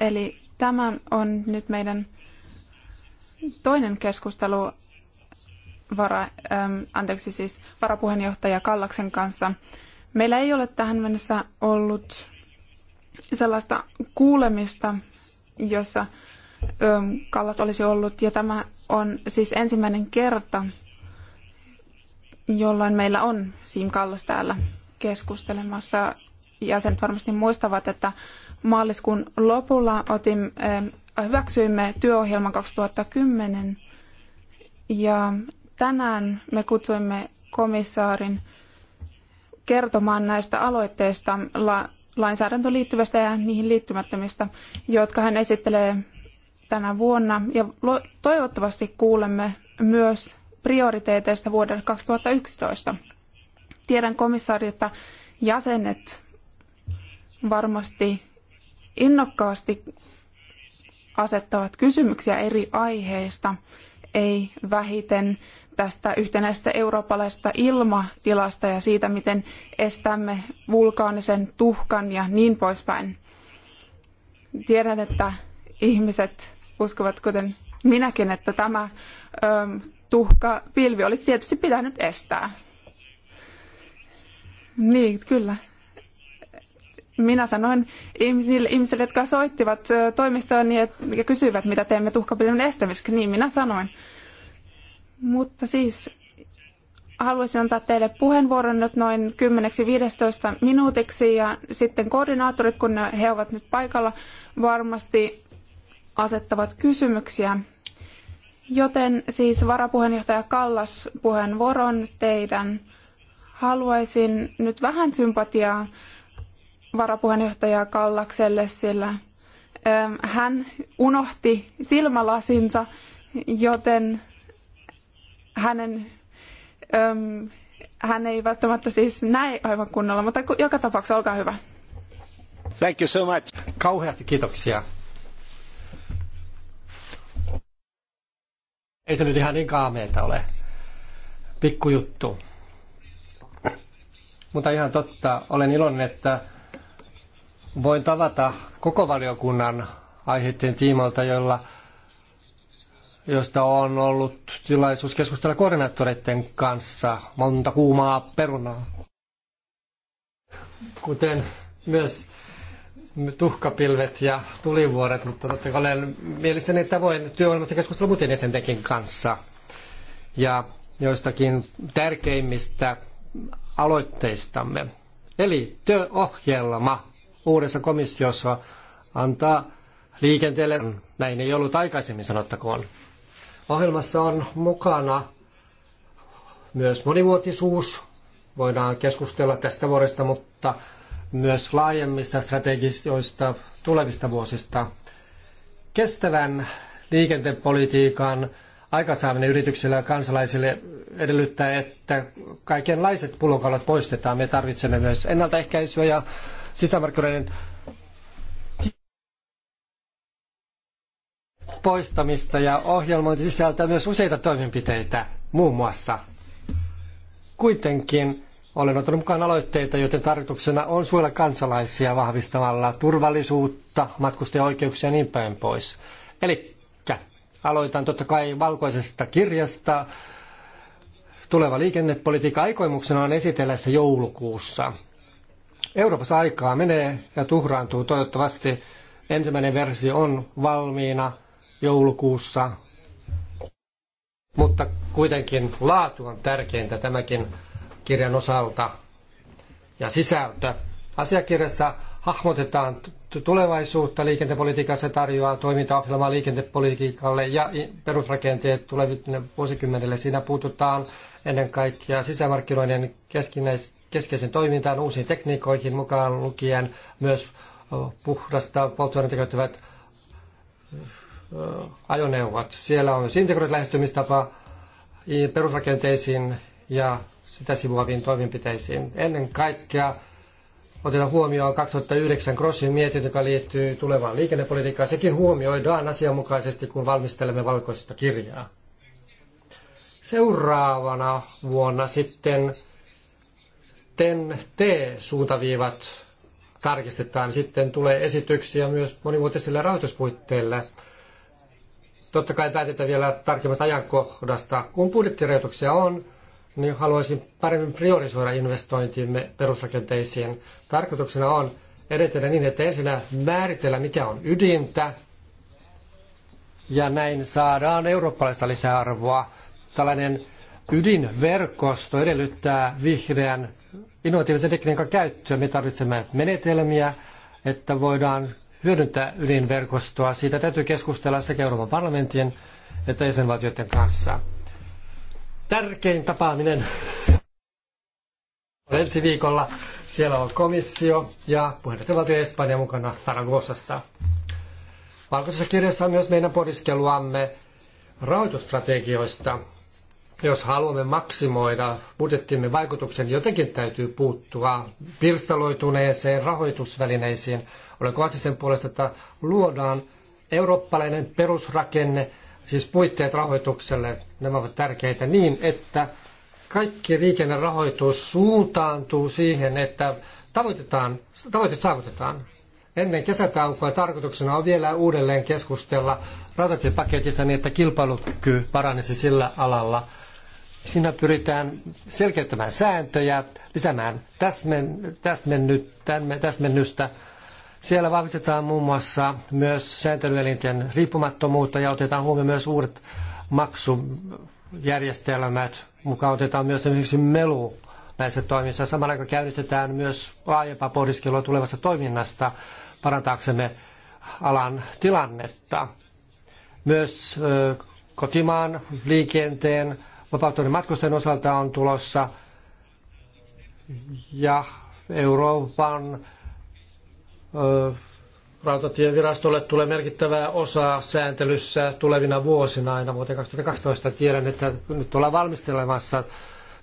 Eli tämä on nyt meidän toinen keskustelu vara, ähm, anteeksi, siis varapuheenjohtaja Kallaksen kanssa. Meillä ei ole tähän mennessä ollut sellaista kuulemista, jossa ähm, Kallas olisi ollut, ja tämä on siis ensimmäinen kerta, jolloin meillä on Siim Kallas täällä keskustelemassa. Jäsenet varmasti muistavat, että maaliskuun lopulla otin, hyväksyimme työohjelman 2010 ja tänään me kutsuimme komissaarin kertomaan näistä aloitteista la, lainsäädäntöön liittyvistä ja niihin liittymättömistä, jotka hän esittelee tänä vuonna. Ja toivottavasti kuulemme myös prioriteeteista vuodelle 2011. Tiedän komissaari, että jäsenet varmasti innokkaasti asettavat kysymyksiä eri aiheista, ei vähiten tästä yhtenäisestä eurooppalaisesta ilmatilasta ja siitä, miten estämme vulkaanisen tuhkan ja niin poispäin. Tiedän, että ihmiset uskovat, kuten minäkin, että tämä ö, tuhka pilvi olisi tietysti pitänyt estää. Niin, kyllä minä sanoin ihmisille, ihmisille jotka soittivat toimistoon niin, ja kysyivät, mitä teemme tuhkapilven estämiseksi, niin minä sanoin. Mutta siis haluaisin antaa teille puheenvuoron nyt noin 10-15 minuutiksi ja sitten koordinaattorit, kun he ovat nyt paikalla, varmasti asettavat kysymyksiä. Joten siis varapuheenjohtaja Kallas puheenvuoron teidän. Haluaisin nyt vähän sympatiaa varapuheenjohtaja Kallakselle, sillä ähm, hän unohti silmälasinsa, joten hänen, ähm, hän ei välttämättä siis näe aivan kunnolla, mutta joka tapauksessa olkaa hyvä. Thank you so much. Kauheasti kiitoksia. Ei se nyt ihan niin kaameita ole. Pikkujuttu. Mutta ihan totta, olen iloinen, että voin tavata koko valiokunnan aiheiden tiimoilta, joilla, josta on ollut tilaisuus keskustella koordinaattoreiden kanssa monta kuumaa perunaa. Kuten myös tuhkapilvet ja tulivuoret, mutta totta kai olen että voin työohjelmasta keskustella muiden jäsentenkin kanssa. Ja joistakin tärkeimmistä aloitteistamme. Eli työohjelma uudessa komissiossa antaa liikenteelle. Näin ei ollut aikaisemmin sanottakoon. Ohjelmassa on mukana myös monivuotisuus. Voidaan keskustella tästä vuodesta, mutta myös laajemmista strategioista tulevista vuosista. Kestävän liikenteen politiikan yrityksille ja kansalaisille edellyttää, että kaikenlaiset pullonkaulat poistetaan. Me tarvitsemme myös ennaltaehkäisyä ja sisämarkkinoiden poistamista ja ohjelmointi sisältää myös useita toimenpiteitä, muun muassa. Kuitenkin olen ottanut mukaan aloitteita, joiden tarkoituksena on suojella kansalaisia vahvistamalla turvallisuutta, matkustajaoikeuksia ja niin päin pois. Eli aloitan totta kai valkoisesta kirjasta. Tuleva liikennepolitiikka aikoimuksena on esitellä se joulukuussa. Euroopassa aikaa menee ja tuhraantuu. Toivottavasti ensimmäinen versio on valmiina joulukuussa, mutta kuitenkin laatu on tärkeintä tämäkin kirjan osalta ja sisältö. Asiakirjassa hahmotetaan tulevaisuutta liikentepolitiikassa tarjoaa toimintaohjelmaa liikentepolitiikalle ja perusrakenteet tuleville vuosikymmenille. Siinä puututaan ennen kaikkea sisämarkkinoiden keskinäis- keskeisen toimintaan uusiin tekniikoihin mukaan lukien myös puhdasta polttoainetta käyttävät ajoneuvot. Siellä on siis integroitu lähestymistapa perusrakenteisiin ja sitä sivuaviin toimenpiteisiin. Ennen kaikkea otetaan huomioon 2009 Crossin mietintö, joka liittyy tulevaan liikennepolitiikkaan. Sekin huomioidaan asianmukaisesti, kun valmistelemme valkoista kirjaa. Seuraavana vuonna sitten TEN-T-suuntaviivat tarkistetaan. Sitten tulee esityksiä myös monivuotisille rahoituspuitteille. Totta kai päätetään vielä tarkemmasta ajankohdasta. Kun budjettirajoituksia on, niin haluaisin paremmin priorisoida investointimme perusrakenteisiin. Tarkoituksena on edetellä niin, että ensinnä määritellä, mikä on ydintä, ja näin saadaan eurooppalaista lisäarvoa. Tällainen ydinverkosto edellyttää vihreän innovatiivisen tekniikan käyttöä. Me tarvitsemme menetelmiä, että voidaan hyödyntää ydinverkostoa. Siitä täytyy keskustella sekä Euroopan parlamentin että jäsenvaltioiden kanssa. Tärkein tapaaminen on ensi viikolla. Siellä on komissio ja puheenjohtajavaltio Espanja mukana Taragosassa. Valkoisessa kirjassa on myös meidän pohdiskeluamme rahoitusstrategioista – jos haluamme maksimoida budjettimme vaikutuksen, niin jotenkin täytyy puuttua pirstaloituneeseen rahoitusvälineisiin. Olen kovasti sen puolesta, että luodaan eurooppalainen perusrakenne, siis puitteet rahoitukselle, nämä ovat tärkeitä niin, että kaikki liikennerahoitus suuntaantuu siihen, että tavoitetaan, tavoite saavutetaan. Ennen kesätaukoa tarkoituksena on vielä uudelleen keskustella rautatiepaketista niin, että kilpailukyky paranisi sillä alalla. Siinä pyritään selkeyttämään sääntöjä, lisäämään täsmen, täsmennystä. Siellä vahvistetaan muun muassa myös sääntelyelinten riippumattomuutta ja otetaan huomioon myös uudet maksujärjestelmät. Mukaan otetaan myös esimerkiksi melu näissä toimissa. Samalla aikaan käynnistetään myös laajempaa pohdiskelua tulevasta toiminnasta parantaaksemme alan tilannetta. Myös kotimaan liikenteen vapautuneiden matkustajien osalta on tulossa. Ja Euroopan ö, rautatievirastolle tulee merkittävää osaa sääntelyssä tulevina vuosina aina vuoteen 2012. Tiedän, että nyt ollaan valmistelemassa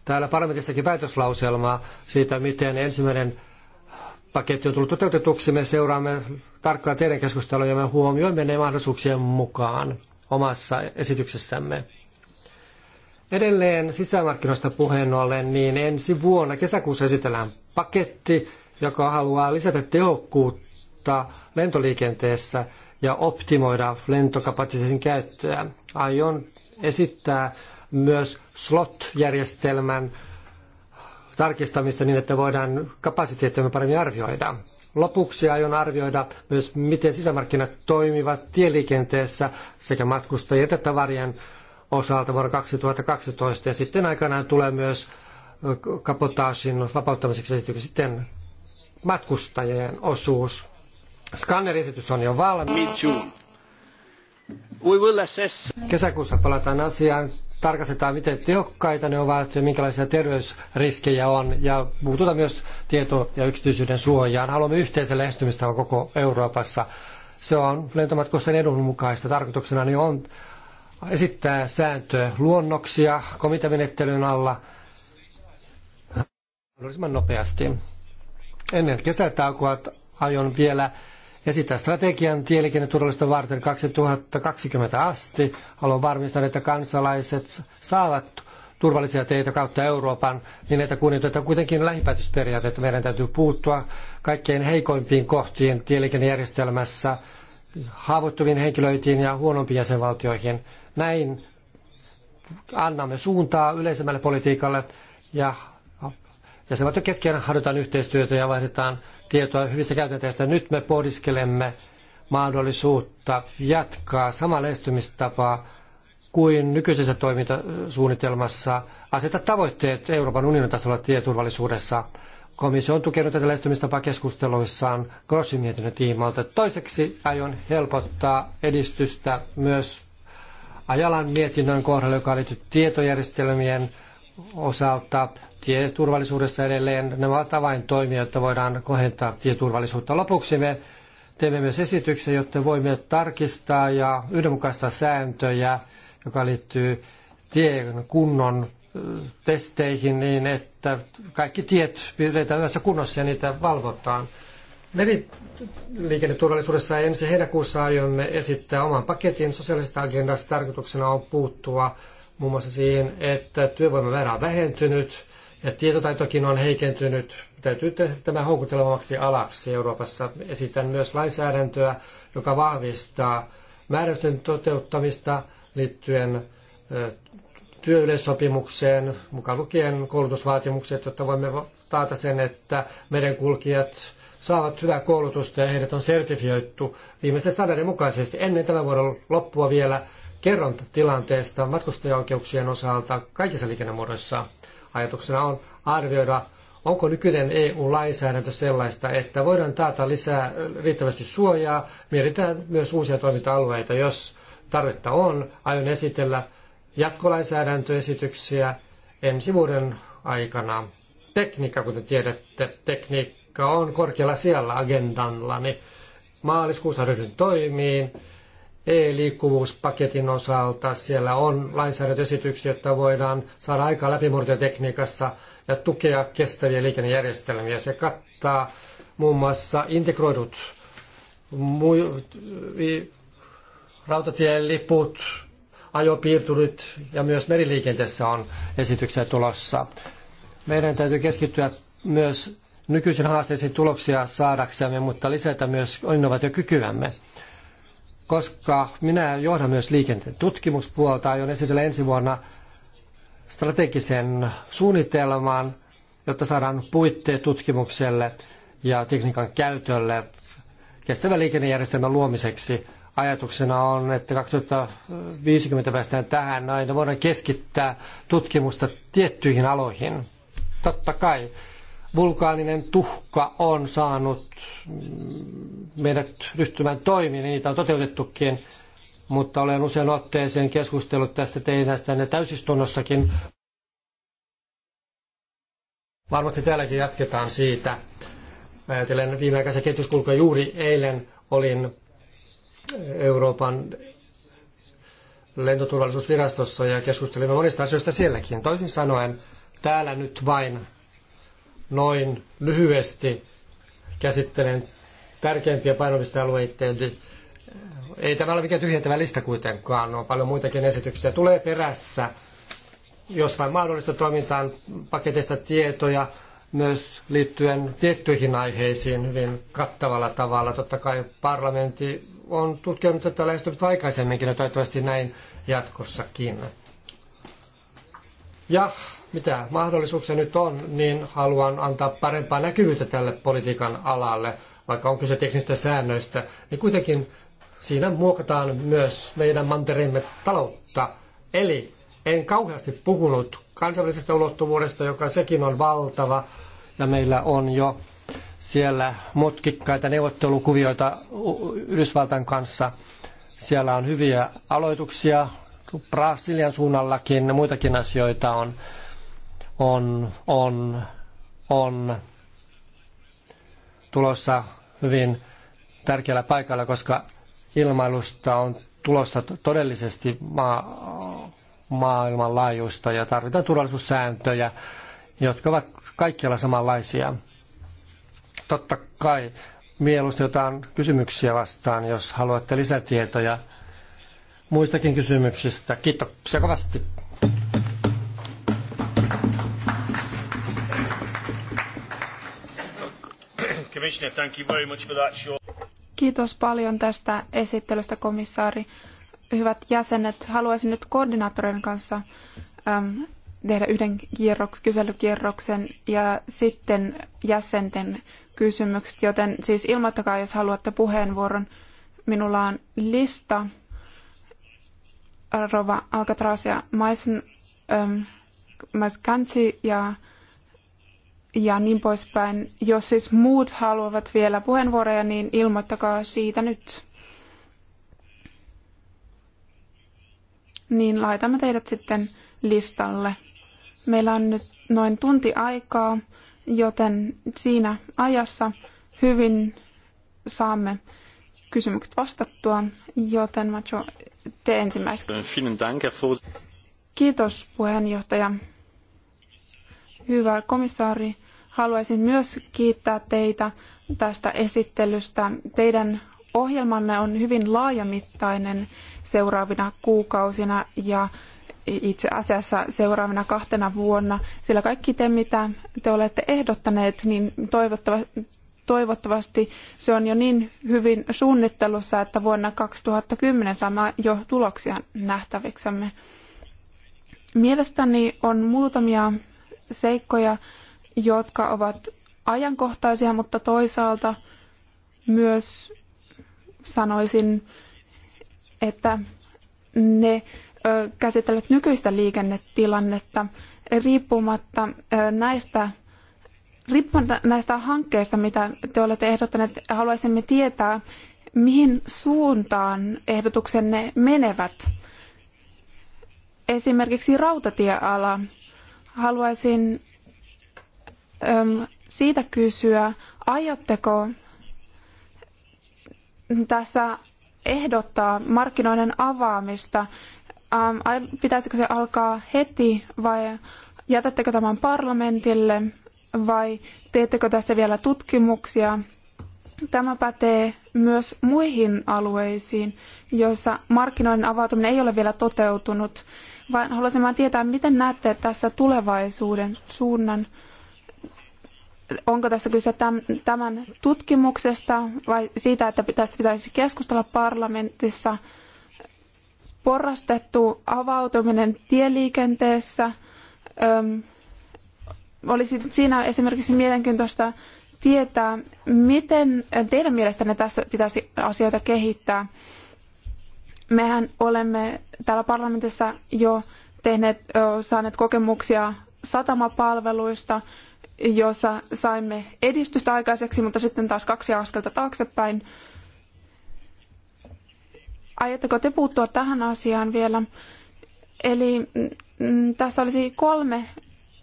täällä parlamentissakin päätöslauselmaa siitä, miten ensimmäinen paketti on tullut toteutetuksi. Me seuraamme tarkkaan teidän keskustelua ja me huomioimme ne mahdollisuuksien mukaan omassa esityksessämme. Edelleen sisämarkkinoista puheen ollen, niin ensi vuonna kesäkuussa esitellään paketti, joka haluaa lisätä tehokkuutta lentoliikenteessä ja optimoida lentokapasiteetin käyttöä. Aion esittää myös slot-järjestelmän tarkistamista niin, että voidaan kapasiteettiamme paremmin arvioida. Lopuksi aion arvioida myös, miten sisämarkkinat toimivat tieliikenteessä sekä matkustajien että tavarien osalta vuonna 2012 ja sitten aikanaan tulee myös kapotaasin vapauttamiseksi esityksen sitten matkustajien osuus. Skanneriesitys on jo valmis. We will assess. Kesäkuussa palataan asiaan, tarkastetaan miten tehokkaita ne ovat ja minkälaisia terveysriskejä on ja puututaan myös tieto- ja yksityisyyden suojaan. Haluamme yhteisen lähestymistavan koko Euroopassa. Se on lentomatkustajien edun mukaista. Tarkoituksena niin on esittää sääntöluonnoksia komitamenettelyn alla mahdollisimman nopeasti. Ennen kesätaukoa aion vielä esittää strategian tieliikenneturvallisuutta varten 2020 asti. Haluan varmistaa, että kansalaiset saavat turvallisia teitä kautta Euroopan, niin että kunnioitetaan kuitenkin lähipäätösperiaatetta. Meidän täytyy puuttua kaikkein heikoimpiin kohtiin tieliikennejärjestelmässä, haavoittuviin henkilöitiin ja huonompiin jäsenvaltioihin. Näin annamme suuntaa yleisemmälle politiikalle ja jäsenvaltion kesken harjoitetaan yhteistyötä ja vaihdetaan tietoa hyvistä käytänteistä. Nyt me pohdiskelemme mahdollisuutta jatkaa samaa lähestymistapaa kuin nykyisessä toimintasuunnitelmassa aseta tavoitteet Euroopan unionin tasolla tieturvallisuudessa. Komissio on tukenut tätä lähestymistapaa keskusteluissaan Grossin mietinnön tiimalta. Toiseksi aion helpottaa edistystä myös Ajalan mietinnön kohdalla, joka liittyy tietojärjestelmien osalta tieturvallisuudessa edelleen. Nämä ovat avaintoimia, jotta voidaan kohentaa tieturvallisuutta. Lopuksi me teemme myös esityksen, jotta voimme tarkistaa ja yhdenmukaistaa sääntöjä, joka liittyy tien kunnon testeihin niin, että kaikki tiet pidetään hyvässä kunnossa ja niitä valvotaan. Meriliikenneturvallisuudessa ensi heinäkuussa aiomme esittää oman paketin sosiaalisesta agendasta. Tarkoituksena on puuttua muun muassa siihen, että työvoimamäärä on vähentynyt ja tietotaitokin on heikentynyt. Täytyy tehdä tämä houkuttelevammaksi alaksi Euroopassa. Esitän myös lainsäädäntöä, joka vahvistaa määräysten toteuttamista liittyen työyleissopimukseen, mukaan lukien koulutusvaatimukset, jotta voimme taata sen, että merenkulkijat saavat hyvää koulutusta ja heidät on sertifioittu viimeisen standardin mukaisesti. Ennen tämän vuoden loppua vielä kerron tilanteesta matkustajaoikeuksien osalta kaikissa liikennemuodoissa. Ajatuksena on arvioida, onko nykyinen EU-lainsäädäntö sellaista, että voidaan taata lisää riittävästi suojaa. Mietitään myös uusia toiminta-alueita, jos tarvetta on. Aion esitellä jatkolainsäädäntöesityksiä ensi vuoden aikana. Tekniikka, kuten tiedätte, tekniikka Kreikka on korkealla siellä agendalla, niin maaliskuussa ryhdyn toimiin e-liikkuvuuspaketin osalta. Siellä on lainsäädäntöesityksiä, jotta voidaan saada aikaa läpimurtoja tekniikassa ja tukea kestäviä liikennejärjestelmiä. Se kattaa muun muassa integroidut rautatien liput, ajopiirturit ja myös meriliikenteessä on esityksiä tulossa. Meidän täytyy keskittyä myös nykyisen haasteisiin tuloksia saadaksemme, mutta lisätä myös innovaatiokykyämme. Koska minä johdan myös liikenteen tutkimuspuolta, aion esitellä ensi vuonna strategisen suunnitelman, jotta saadaan puitteet tutkimukselle ja tekniikan käytölle kestävän liikennejärjestelmän luomiseksi. Ajatuksena on, että 2050 päästään tähän, aina voidaan keskittää tutkimusta tiettyihin aloihin. Totta kai vulkaaninen tuhka on saanut meidät ryhtymään toimiin, niin niitä on toteutettukin, mutta olen usein otteeseen keskustellut tästä teidän tänne täysistunnossakin. Varmasti täälläkin jatketaan siitä. Ajatellen viimeaikaisen kehityskulkuja juuri eilen olin Euroopan lentoturvallisuusvirastossa ja keskustelimme monista asioista sielläkin. Toisin sanoen täällä nyt vain noin lyhyesti käsittelen tärkeimpiä eli eh, Ei tämä ole mikään tyhjentävä lista kuitenkaan, on paljon muitakin esityksiä. Tulee perässä, jos vain mahdollista toimintaan paketista tietoja, myös liittyen tiettyihin aiheisiin hyvin kattavalla tavalla. Totta kai parlamentti on tutkinut tätä lähestymistä aikaisemminkin ja toivottavasti näin jatkossakin. Ja mitä mahdollisuuksia nyt on, niin haluan antaa parempaa näkyvyyttä tälle politiikan alalle, vaikka on kyse teknistä säännöistä, niin kuitenkin siinä muokataan myös meidän mantereemme taloutta. Eli en kauheasti puhunut kansainvälisestä ulottuvuudesta, joka sekin on valtava, ja meillä on jo siellä mutkikkaita neuvottelukuvioita Yhdysvaltain kanssa. Siellä on hyviä aloituksia, Brasilian suunnallakin muitakin asioita on on, on, on tulossa hyvin tärkeällä paikalla, koska ilmailusta on tulossa todellisesti ma- maailmanlaajuista ja tarvitaan turvallisuussääntöjä, jotka ovat kaikkialla samanlaisia. Totta kai mieluusti jotain kysymyksiä vastaan, jos haluatte lisätietoja muistakin kysymyksistä. Kiitoksia kovasti. Commissioner, thank you very much for that short... Kiitos paljon tästä esittelystä, komissaari. Hyvät jäsenet, haluaisin nyt koordinaattorin kanssa äm, tehdä yhden kierroks, kyselykierroksen ja sitten jäsenten kysymykset, joten siis ilmoittakaa, jos haluatte puheenvuoron. Minulla on lista Rova Alcatraz ja Maisen, ähm, ja ja niin poispäin. Jos siis muut haluavat vielä puheenvuoroja, niin ilmoittakaa siitä nyt. Niin laitamme teidät sitten listalle. Meillä on nyt noin tunti aikaa, joten siinä ajassa hyvin saamme kysymykset vastattua, joten Macho, te ensimmäiseksi. Kiitos puheenjohtaja. Hyvä komissaari, Haluaisin myös kiittää teitä tästä esittelystä. Teidän ohjelmanne on hyvin laajamittainen seuraavina kuukausina ja itse asiassa seuraavana kahtena vuonna, sillä kaikki te, mitä te olette ehdottaneet, niin toivottavasti toivottavasti se on jo niin hyvin suunnittelussa, että vuonna 2010 saamme jo tuloksia nähtäviksemme. Mielestäni on muutamia seikkoja, jotka ovat ajankohtaisia, mutta toisaalta myös sanoisin, että ne käsittelevät nykyistä liikennetilannetta riippumatta näistä riippumatta näistä hankkeista, mitä te olette ehdottaneet, haluaisimme tietää, mihin suuntaan ehdotuksenne menevät. Esimerkiksi rautatieala. Haluaisin siitä kysyä, aiotteko tässä ehdottaa markkinoiden avaamista? Pitäisikö se alkaa heti vai jätättekö tämän parlamentille vai teettekö tästä vielä tutkimuksia? Tämä pätee myös muihin alueisiin, joissa markkinoiden avautuminen ei ole vielä toteutunut, vaan haluaisin vain tietää, miten näette tässä tulevaisuuden suunnan onko tässä kyse tämän tutkimuksesta vai siitä, että tästä pitäisi keskustella parlamentissa? Porrastettu avautuminen tieliikenteessä. Öm, olisi siinä esimerkiksi mielenkiintoista tietää, miten teidän mielestänne tässä pitäisi asioita kehittää. Mehän olemme täällä parlamentissa jo tehneet, saaneet kokemuksia satamapalveluista, jossa saimme edistystä aikaiseksi, mutta sitten taas kaksi askelta taaksepäin. Aiotteko te puuttua tähän asiaan vielä? Eli mm, tässä olisi kolme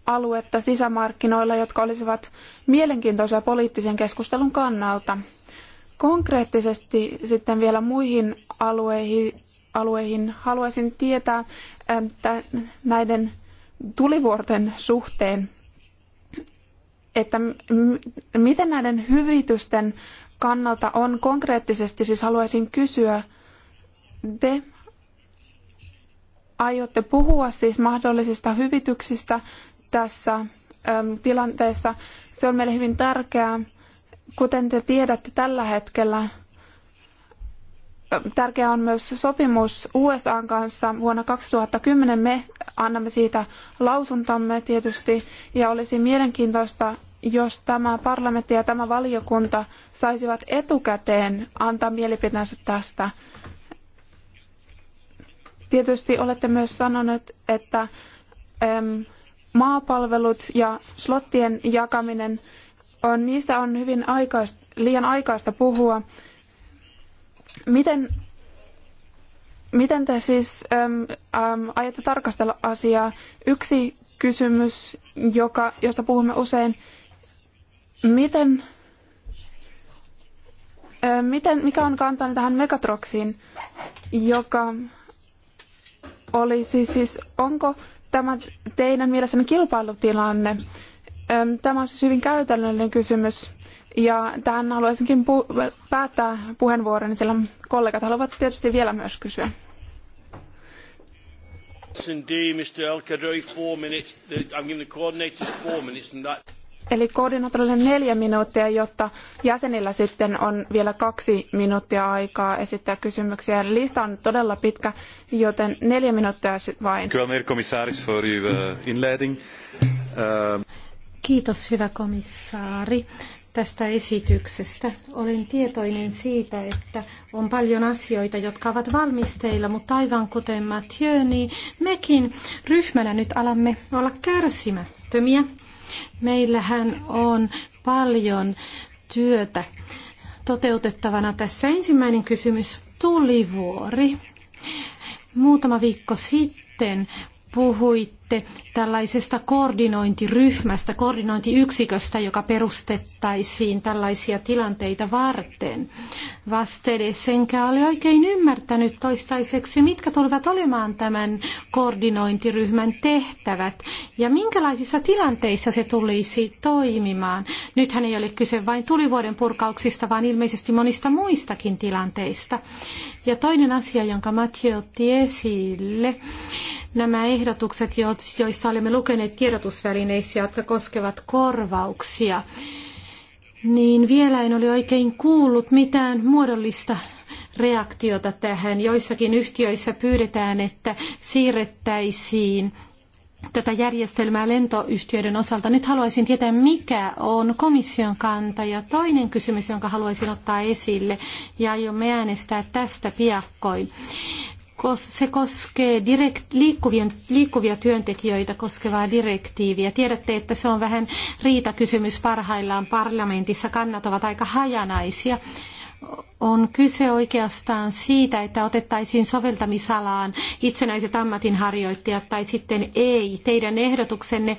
aluetta sisämarkkinoilla, jotka olisivat mielenkiintoisia poliittisen keskustelun kannalta. Konkreettisesti sitten vielä muihin alueihin, alueihin haluaisin tietää näiden tulivuorten suhteen, että miten näiden hyvitysten kannalta on konkreettisesti, siis haluaisin kysyä, te aiotte puhua siis mahdollisista hyvityksistä tässä äm, tilanteessa. Se on meille hyvin tärkeää. Kuten te tiedätte tällä hetkellä, tärkeä on myös sopimus USAn kanssa. Vuonna 2010 me annamme siitä lausuntamme tietysti, ja olisi mielenkiintoista, jos tämä parlamentti ja tämä valiokunta saisivat etukäteen antaa mielipiteensä tästä. Tietysti olette myös sanoneet, että maapalvelut ja slottien jakaminen on, niistä on hyvin aikaista, liian aikaista puhua Miten, miten te siis äm, äm, aiotte tarkastella asiaa? Yksi kysymys, joka, josta puhumme usein, miten, äm, äh, miten, mikä on kantani tähän Megatroxiin, joka oli siis, siis onko tämä teidän mielessänne kilpailutilanne? Äm, tämä on siis hyvin käytännöllinen kysymys ja tähän haluaisinkin pu- päättää puheenvuoroni, sillä kollegat haluavat tietysti vielä myös kysyä. Eli koordinaattorille neljä minuuttia, jotta jäsenillä sitten on vielä kaksi minuuttia aikaa esittää kysymyksiä. Lista on todella pitkä, joten neljä minuuttia vain. Uh, uh, Kiitos hyvä komissaari tästä esityksestä. Olen tietoinen siitä, että on paljon asioita, jotka ovat valmisteilla, mutta aivan kuten Mathieu, niin mekin ryhmänä nyt alamme olla kärsimättömiä. Meillähän on paljon työtä toteutettavana. Tässä ensimmäinen kysymys, tulivuori. Muutama viikko sitten puhuit puhuitte tällaisesta koordinointiryhmästä, koordinointiyksiköstä, joka perustettaisiin tällaisia tilanteita varten. Vastedes enkä ole oikein ymmärtänyt toistaiseksi, mitkä tulevat olemaan tämän koordinointiryhmän tehtävät ja minkälaisissa tilanteissa se tulisi toimimaan. Nythän ei ole kyse vain tulivuoden purkauksista, vaan ilmeisesti monista muistakin tilanteista. Ja toinen asia, jonka Mathieu otti esille, nämä ehdotukset, joista olemme lukeneet tiedotusvälineissä, jotka koskevat korvauksia, niin vielä en ole oikein kuullut mitään muodollista reaktiota tähän. Joissakin yhtiöissä pyydetään, että siirrettäisiin tätä järjestelmää lentoyhtiöiden osalta. Nyt haluaisin tietää, mikä on komission kanta. Ja toinen kysymys, jonka haluaisin ottaa esille, ja aiomme äänestää tästä piakkoin. Se koskee direkt, liikkuvien, liikkuvia työntekijöitä koskevaa direktiiviä. Tiedätte, että se on vähän riitakysymys parhaillaan parlamentissa. Kannat ovat aika hajanaisia on kyse oikeastaan siitä, että otettaisiin soveltamisalaan itsenäiset ammatinharjoittajat tai sitten ei. Teidän ehdotuksenne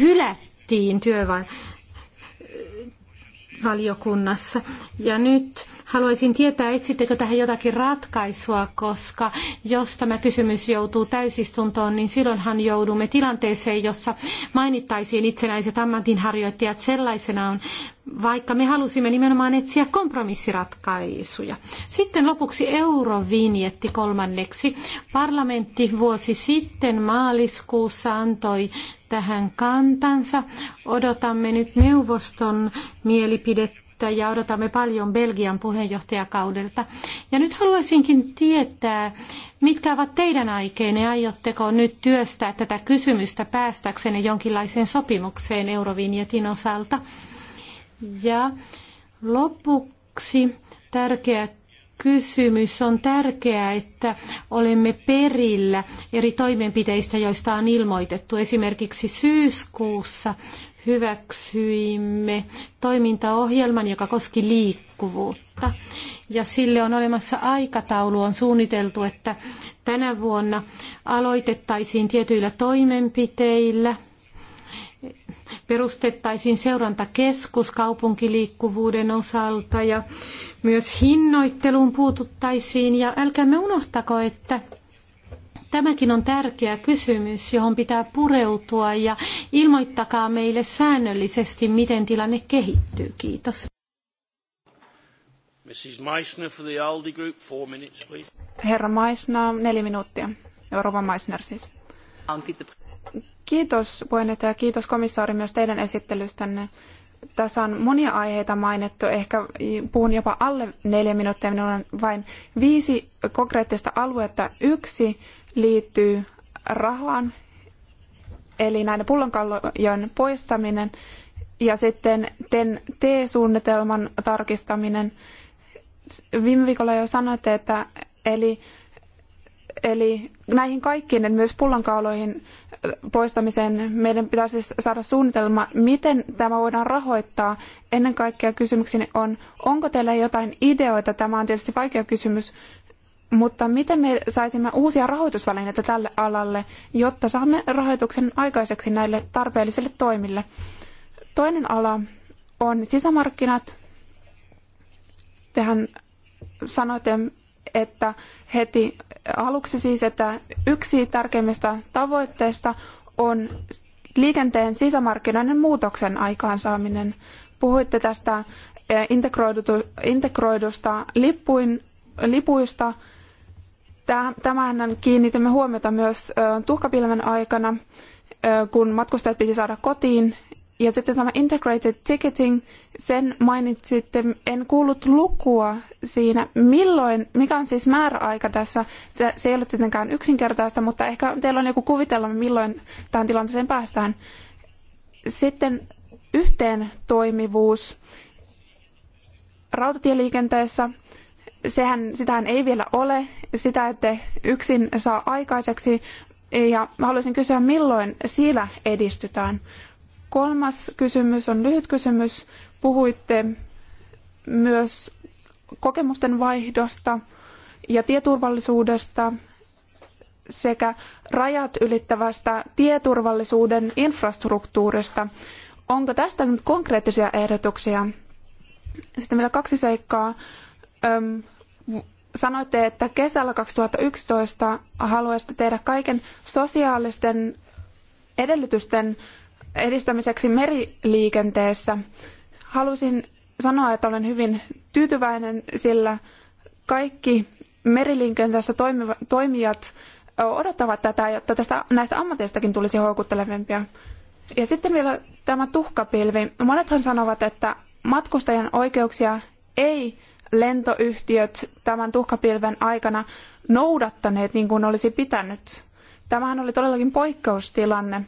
hylättiin työvaliokunnassa ja nyt Haluaisin tietää, etsittekö tähän jotakin ratkaisua, koska jos tämä kysymys joutuu täysistuntoon, niin silloinhan joudumme tilanteeseen, jossa mainittaisiin itsenäiset ammatinharjoittajat sellaisenaan, vaikka me halusimme nimenomaan etsiä kompromissiratkaisuja. Sitten lopuksi eurovinjetti kolmanneksi. Parlamentti vuosi sitten maaliskuussa antoi tähän kantansa. Odotamme nyt neuvoston mielipidettä ja odotamme paljon Belgian puheenjohtajakaudelta. Ja nyt haluaisinkin tietää, mitkä ovat teidän aikeenne? Aiotteko nyt työstää tätä kysymystä päästäksenne jonkinlaiseen sopimukseen Eurovinjetin osalta? Ja lopuksi tärkeä kysymys. On tärkeää, että olemme perillä eri toimenpiteistä, joista on ilmoitettu. Esimerkiksi syyskuussa hyväksyimme toimintaohjelman, joka koski liikkuvuutta. Ja sille on olemassa aikataulu, on suunniteltu, että tänä vuonna aloitettaisiin tietyillä toimenpiteillä, perustettaisiin seurantakeskus kaupunkiliikkuvuuden osalta ja myös hinnoitteluun puututtaisiin. Ja älkäämme unohtako, että Tämäkin on tärkeä kysymys, johon pitää pureutua ja ilmoittakaa meille säännöllisesti, miten tilanne kehittyy. Kiitos. Mrs. Meissner for the Group, four minutes, please. Herra Meissner, neljä minuuttia. Euroopan Meissner siis. Kiitos puheenjohtaja, kiitos komissaari myös teidän esittelystänne. Tässä on monia aiheita mainittu, ehkä puhun jopa alle neljä minuuttia, minulla on vain viisi konkreettista aluetta. Yksi liittyy rahaan, eli näiden pullonkaulojen poistaminen ja sitten TEN-T-suunnitelman tarkistaminen. Viime viikolla jo sanoitte, että eli, eli näihin kaikkiin, myös pullonkauloihin poistamiseen, meidän pitäisi saada suunnitelma, miten tämä voidaan rahoittaa. Ennen kaikkea kysymykseni on, onko teillä jotain ideoita? Tämä on tietysti vaikea kysymys, mutta miten me saisimme uusia rahoitusvälineitä tälle alalle, jotta saamme rahoituksen aikaiseksi näille tarpeellisille toimille? Toinen ala on sisämarkkinat. Tehän sanoitte, että heti aluksi siis, että yksi tärkeimmistä tavoitteista on liikenteen sisämarkkinoiden muutoksen aikaansaaminen. Puhuitte tästä integroidusta lippuin, lipuista Tämähän kiinnitimme huomiota myös tuhkapilven aikana, kun matkustajat piti saada kotiin. Ja sitten tämä integrated ticketing, sen mainitsitte, en kuullut lukua siinä, milloin, mikä on siis määräaika tässä. Se, ei ole tietenkään yksinkertaista, mutta ehkä teillä on joku kuvitelma, milloin tähän tilanteeseen päästään. Sitten yhteen toimivuus rautatieliikenteessä sehän, sitähän ei vielä ole, sitä ette yksin saa aikaiseksi, ja haluaisin kysyä, milloin siellä edistytään. Kolmas kysymys on lyhyt kysymys. Puhuitte myös kokemusten vaihdosta ja tieturvallisuudesta sekä rajat ylittävästä tieturvallisuuden infrastruktuurista. Onko tästä nyt konkreettisia ehdotuksia? Sitten vielä kaksi seikkaa. Sanoitte, että kesällä 2011 haluaisitte tehdä kaiken sosiaalisten edellytysten edistämiseksi meriliikenteessä. Halusin sanoa, että olen hyvin tyytyväinen, sillä kaikki meriliikenteessä toimijat odottavat tätä, jotta tästä, näistä ammateistakin tulisi houkuttelevampia. Ja sitten vielä tämä tuhkapilvi. Monethan sanovat, että matkustajan oikeuksia ei lentoyhtiöt tämän tuhkapilven aikana noudattaneet niin kuin olisi pitänyt. Tämähän oli todellakin poikkeustilanne.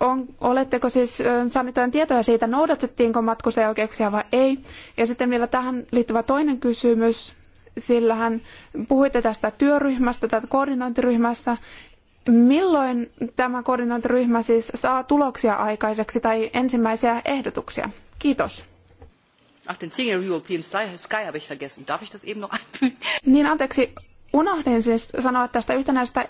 On, oletteko siis saaneet jotain tietoja siitä, noudatettiinko matkustajaoikeuksia vai ei? Ja sitten vielä tähän liittyvä toinen kysymys, sillä hän puhuitte tästä työryhmästä, tästä koordinointiryhmässä. Milloin tämä koordinointiryhmä siis saa tuloksia aikaiseksi tai ensimmäisiä ehdotuksia? Kiitos. Ach, den Single European Sky habe ich vergessen. Darf ich das eben noch Niin, anteeksi. Unohdin siis sanoa tästä yhtenäisestä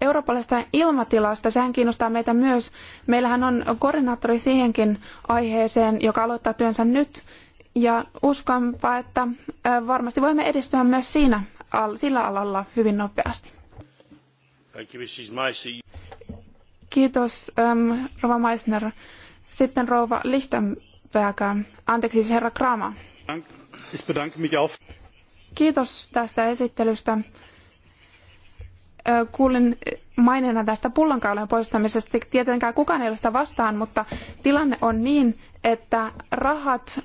eurooppalaisesta ilmatilasta. Sehän kiinnostaa meitä myös. Meillähän on koordinaattori siihenkin aiheeseen, joka aloittaa työnsä nyt. Ja uskonpa, että varmasti voimme edistyä myös siinä, sillä alalla hyvin nopeasti. Kiitos, Rova Meissner. Sitten Rova Lichten häppääkään. Anteeksi, siis herra Krama. Kiitos tästä esittelystä. Kuulin maininnan tästä pullonkaulan poistamisesta. Tietenkään kukaan ei ole sitä vastaan, mutta tilanne on niin, että rahat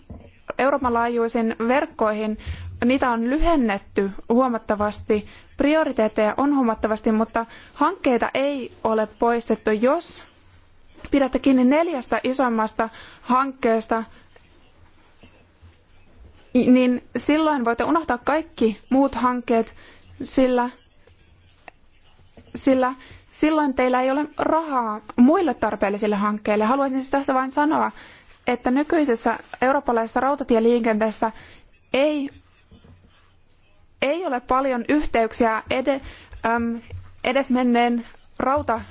Euroopan laajuisiin verkkoihin, niitä on lyhennetty huomattavasti, prioriteetteja on huomattavasti, mutta hankkeita ei ole poistettu. Jos pidätte kiinni neljästä isommasta hankkeesta, niin silloin voitte unohtaa kaikki muut hankkeet, sillä, sillä silloin teillä ei ole rahaa muille tarpeellisille hankkeille. Haluaisin siis tässä vain sanoa, että nykyisessä eurooppalaisessa rautatieliikenteessä ei, ei ole paljon yhteyksiä ed, äm, edesmenneen rauta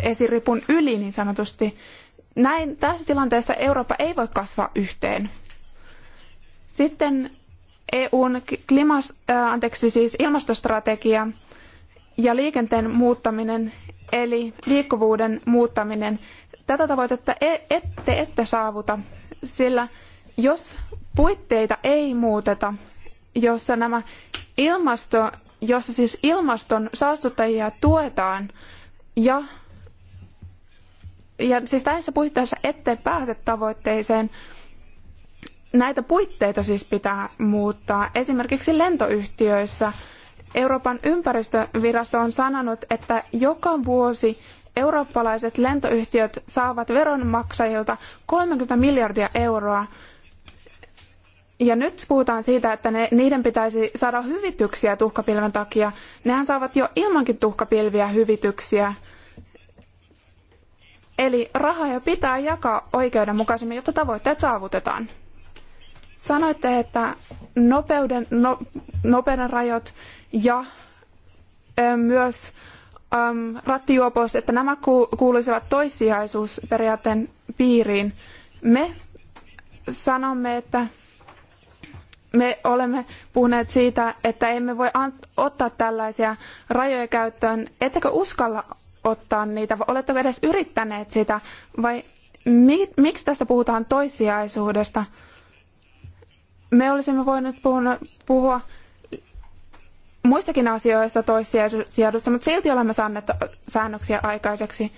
esiripun yli niin sanotusti. Näin tässä tilanteessa Eurooppa ei voi kasvaa yhteen. Sitten EUn klimas, äh, anteeksi, siis ilmastostrategia ja liikenteen muuttaminen, eli liikkuvuuden muuttaminen. Tätä tavoitetta e- ette, ette saavuta, sillä jos puitteita ei muuteta, jossa nämä ilmasto, jossa siis ilmaston saastuttajia tuetaan ja ja siis näissä puitteissa ettei pääse tavoitteeseen, näitä puitteita siis pitää muuttaa. Esimerkiksi lentoyhtiöissä Euroopan ympäristövirasto on sanonut, että joka vuosi eurooppalaiset lentoyhtiöt saavat veronmaksajilta 30 miljardia euroa. Ja nyt puhutaan siitä, että ne, niiden pitäisi saada hyvityksiä tuhkapilven takia. Nehän saavat jo ilmankin tuhkapilviä hyvityksiä. Eli rahaa pitää jakaa oikeudenmukaisemmin, jotta tavoitteet saavutetaan. Sanoitte, että nopeuden, no, nopeuden rajat ja ö, myös äm, rattijuopous, että nämä kuuluisivat toissijaisuusperiaatteen piiriin. Me sanomme, että me olemme puhuneet siitä, että emme voi ottaa tällaisia rajoja käyttöön. Ettekö uskalla ottaa niitä? Oletteko edes yrittäneet sitä? Vai mi, miksi tässä puhutaan toissijaisuudesta? Me olisimme voineet puhua muissakin asioissa toissijaisuudesta, mutta silti olemme saaneet säännöksiä aikaiseksi.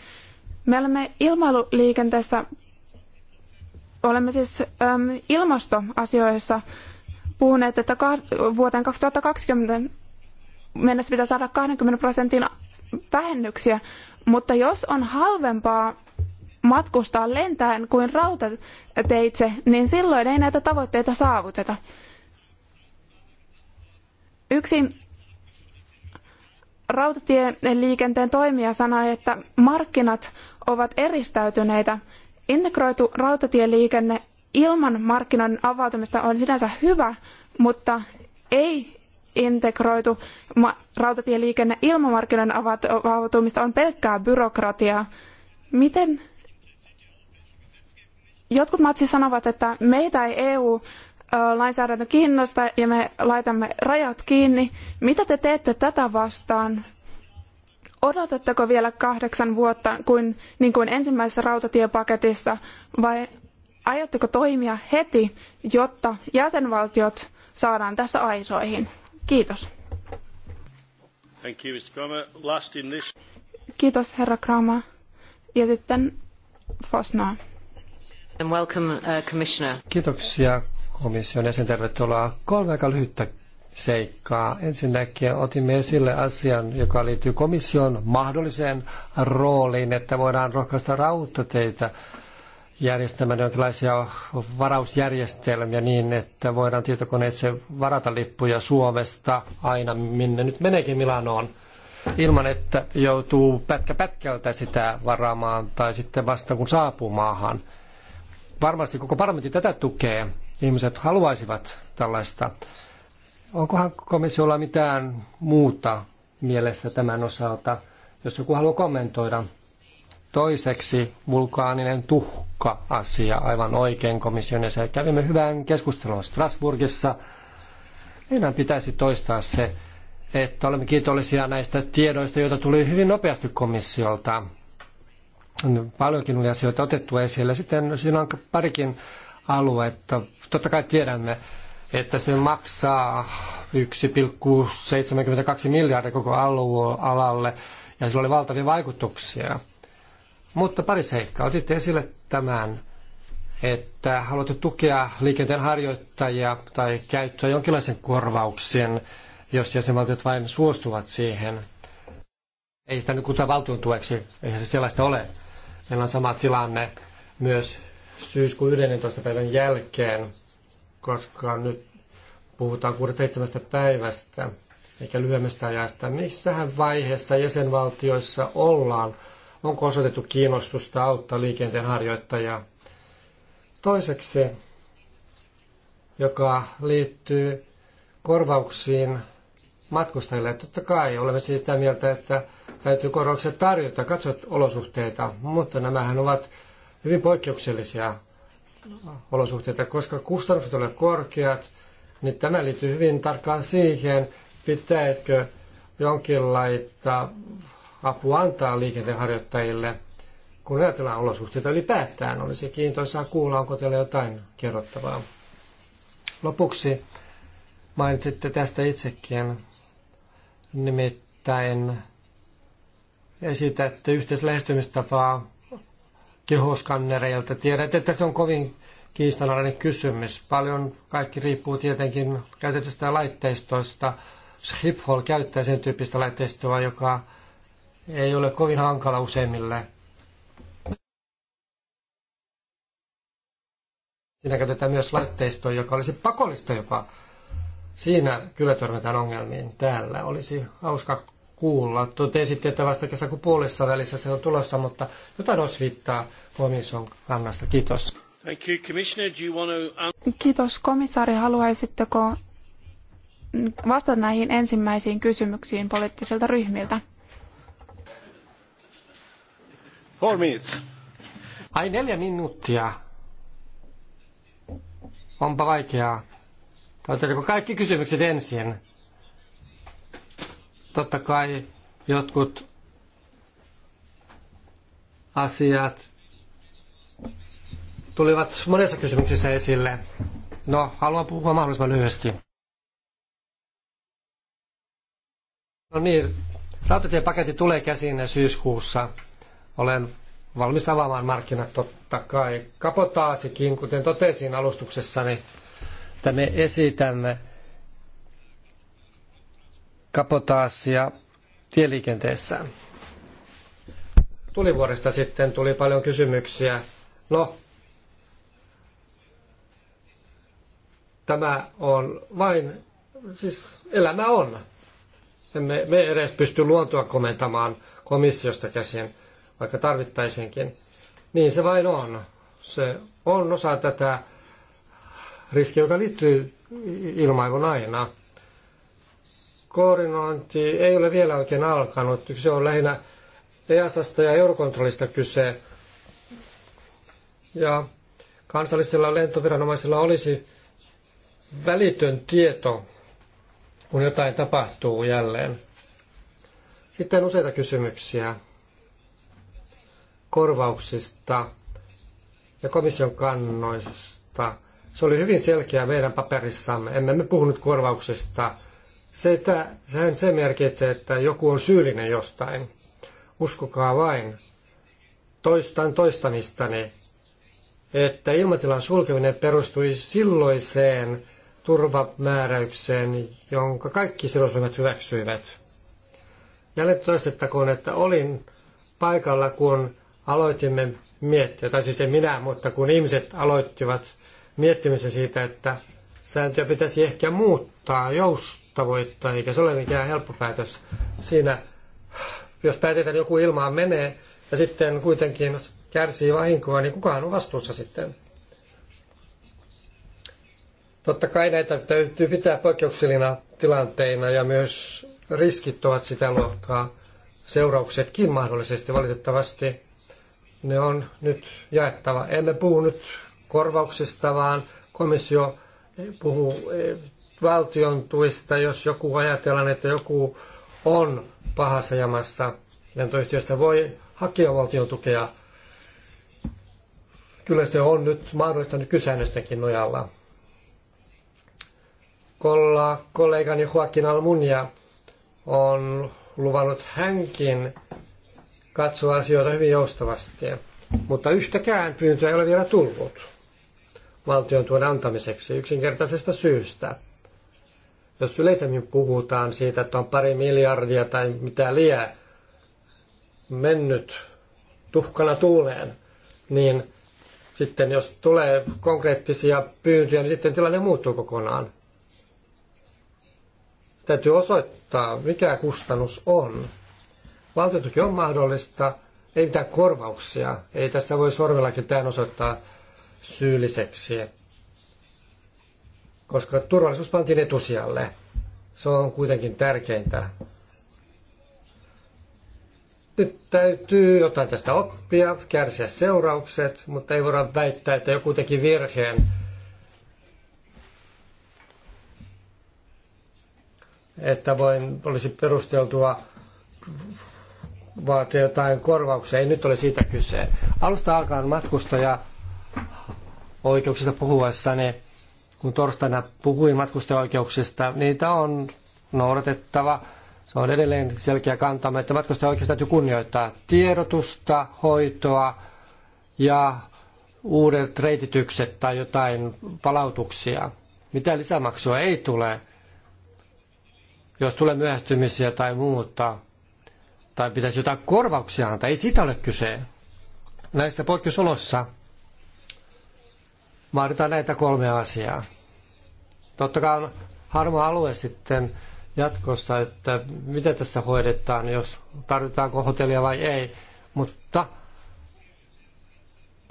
Me olemme ilmailuliikenteessä, olemme siis äm, ilmastoasioissa puhuneet, että vuoteen 2020 mennessä pitää saada 20 prosentin vähennyksiä, mutta jos on halvempaa matkustaa lentäen kuin rautateitse, niin silloin ei näitä tavoitteita saavuteta. Yksi rautatieliikenteen toimija sanoi, että markkinat ovat eristäytyneitä. Integroitu rautatieliikenne ilman markkinoiden avautumista on sinänsä hyvä, mutta ei integroitu ma- rautatieliikenne ilmamarkkinoiden avautumista on pelkkää byrokratiaa. Miten jotkut maat siis sanovat, että meitä ei EU-lainsäädäntö kiinnosta ja me laitamme rajat kiinni. Mitä te teette tätä vastaan? Odotatteko vielä kahdeksan vuotta kuin, niin kuin ensimmäisessä rautatiepaketissa vai aiotteko toimia heti, jotta jäsenvaltiot saadaan tässä aisoihin? Kiitos. Thank you, Mr. Kramer. Last in this... Kiitos, herra Kramer. Ja sitten Fosnaa. And welcome, uh, commissioner. Kiitoksia komission jäsen. Tervetuloa. Kolme aika lyhyttä seikkaa. Ensinnäkin otimme esille asian, joka liittyy komission mahdolliseen rooliin, että voidaan rohkaista rautateitä järjestämään jonkinlaisia varausjärjestelmiä niin, että voidaan tietokoneitse varata lippuja Suomesta aina minne nyt meneekin Milanoon ilman, että joutuu pätkä pätkältä sitä varaamaan tai sitten vasta kun saapuu maahan. Varmasti koko parlamentti tätä tukee. Ihmiset haluaisivat tällaista. Onkohan komissiolla mitään muuta mielessä tämän osalta, jos joku haluaa kommentoida? Toiseksi vulkaaninen tuhka-asia aivan oikein komission ja kävimme hyvän keskustelun Strasbourgissa. Meidän pitäisi toistaa se, että olemme kiitollisia näistä tiedoista, joita tuli hyvin nopeasti komissiolta. On paljonkin oli asioita otettu esille. Sitten siinä on parikin aluetta. Totta kai tiedämme, että se maksaa 1,72 miljardia koko alalle ja sillä oli valtavia vaikutuksia. Mutta pari seikkaa. Otitte esille tämän, että haluatte tukea liikenteen harjoittajia tai käyttöä jonkinlaisen korvauksen, jos jäsenvaltiot vain suostuvat siihen. Ei sitä nyt kuta valtion tueksi, eihän se sellaista ole. Meillä on sama tilanne myös syyskuun 11. päivän jälkeen, koska nyt puhutaan 67. päivästä eikä lyhyemmästä ajasta. Missähän vaiheessa jäsenvaltioissa ollaan Onko osoitettu kiinnostusta auttaa liikenteen harjoittajaa? Toiseksi, joka liittyy korvauksiin matkustajille. Totta kai olemme sitä mieltä, että täytyy korvaukset tarjota, katsoa olosuhteita, mutta nämähän ovat hyvin poikkeuksellisia olosuhteita, koska kustannukset ovat korkeat, niin tämä liittyy hyvin tarkkaan siihen, pitääkö jonkinlaista Apu antaa liikenteenharjoittajille, kun ajatellaan olosuhteita ylipäätään. Olisi kiintoisaa kuulla, onko teillä jotain kerrottavaa. Lopuksi mainitsitte tästä itsekin, nimittäin esitätte yhteislähestymistapaa kehoskannereilta. Tiedätte, että se on kovin kiistanalainen kysymys. Paljon kaikki riippuu tietenkin käytetystä laitteistoista. Schiphol käyttää sen tyyppistä laitteistoa, joka ei ole kovin hankala useimmille. Siinä käytetään myös laitteistoa, joka olisi pakollista jopa. Siinä kyllä törmätään ongelmiin. Täällä olisi hauska kuulla. Totesitte, että vasta kesäkuun puolessa välissä se on tulossa, mutta jotain osvittaa. komission kannasta. Kiitos. Thank you, Commissioner. Do you want to... Kiitos komissaari. Haluaisitteko vastata näihin ensimmäisiin kysymyksiin poliittisilta ryhmiltä? Four minutes. Ai neljä minuuttia. Onpa vaikeaa. Otetaanko kaikki kysymykset ensin. Totta kai jotkut asiat tulivat monessa kysymyksessä esille. No, haluan puhua mahdollisimman lyhyesti. No niin, rautatiepaketti tulee käsiin syyskuussa. Olen valmis avaamaan markkinat totta kai. Kapotaasikin, kuten totesin alustuksessani, että me esitämme kapotaasia tieliikenteessä. Tulivuoresta sitten tuli paljon kysymyksiä. No, tämä on vain, siis elämä on. Emme me edes pysty luontoa komentamaan komissiosta käsin vaikka tarvittaisinkin. Niin se vain on. Se on osa tätä riskiä, joka liittyy ilmailun aina. Koordinointi ei ole vielä oikein alkanut. Se on lähinnä EASasta ja eurokontrollista kyse. Ja kansallisilla lentoviranomaisilla olisi välitön tieto, kun jotain tapahtuu jälleen. Sitten useita kysymyksiä korvauksista ja komission kannoista. Se oli hyvin selkeä meidän paperissamme. Emme me puhunut korvauksista Se, että, sehän se merkitsee, että joku on syyllinen jostain. Uskokaa vain. Toistan toistamistani, että ilmatilan sulkeminen perustui silloiseen turvamääräykseen, jonka kaikki sidosryhmät hyväksyivät. Jälleen toistettakoon, että olin paikalla, kun aloitimme miettiä, tai siis en minä, mutta kun ihmiset aloittivat miettimisen siitä, että sääntöjä pitäisi ehkä muuttaa, joustavoittaa, eikä se ole mikään helppo päätös. Siinä, jos päätetään joku ilmaan menee ja sitten kuitenkin kärsii vahinkoa, niin kukaan on vastuussa sitten. Totta kai näitä täytyy pitää poikkeuksellina tilanteina ja myös riskit ovat sitä luokkaa, seurauksetkin mahdollisesti valitettavasti ne on nyt jaettava. Emme puhu nyt korvauksista, vaan komissio puhuu e, valtion tuista, jos joku ajatellaan, että joku on pahassa jamassa. Lentoyhtiöstä voi hakea valtion tukea. Kyllä se on nyt mahdollista nyt kysäännöstäkin nojalla. Kolla, kollegani Joaquin Almunia on luvannut hänkin katsoa asioita hyvin joustavasti. Mutta yhtäkään pyyntöä ei ole vielä tullut valtion tuen antamiseksi yksinkertaisesta syystä. Jos yleisemmin puhutaan siitä, että on pari miljardia tai mitä liää mennyt tuhkana tuuleen, niin sitten jos tulee konkreettisia pyyntöjä, niin sitten tilanne muuttuu kokonaan. Täytyy osoittaa, mikä kustannus on. Valtiotuki on mahdollista, ei mitään korvauksia. Ei tässä voi sormella ketään osoittaa syylliseksi, koska turvallisuus pantiin etusijalle. Se on kuitenkin tärkeintä. Nyt täytyy jotain tästä oppia, kärsiä seuraukset, mutta ei voida väittää, että joku teki virheen. Että voin, olisi perusteltua vaatia jotain korvauksia. Ei nyt ole siitä kyse. Alusta alkaen matkustaja oikeuksista puhuessani, kun torstaina puhuin matkustajaoikeuksista, niitä on noudatettava. Se on edelleen selkeä kantamme, että matkustajaoikeus täytyy kunnioittaa tiedotusta, hoitoa ja uudet reititykset tai jotain palautuksia. Mitä lisämaksua ei tule, jos tulee myöhästymisiä tai muuta tai pitäisi jotain korvauksia antaa. Ei siitä ole kyse. Näissä poikkeusolossa vaaditaan näitä kolmea asiaa. Totta kai on harma alue sitten jatkossa, että miten tässä hoidetaan, jos tarvitaanko hotellia vai ei. Mutta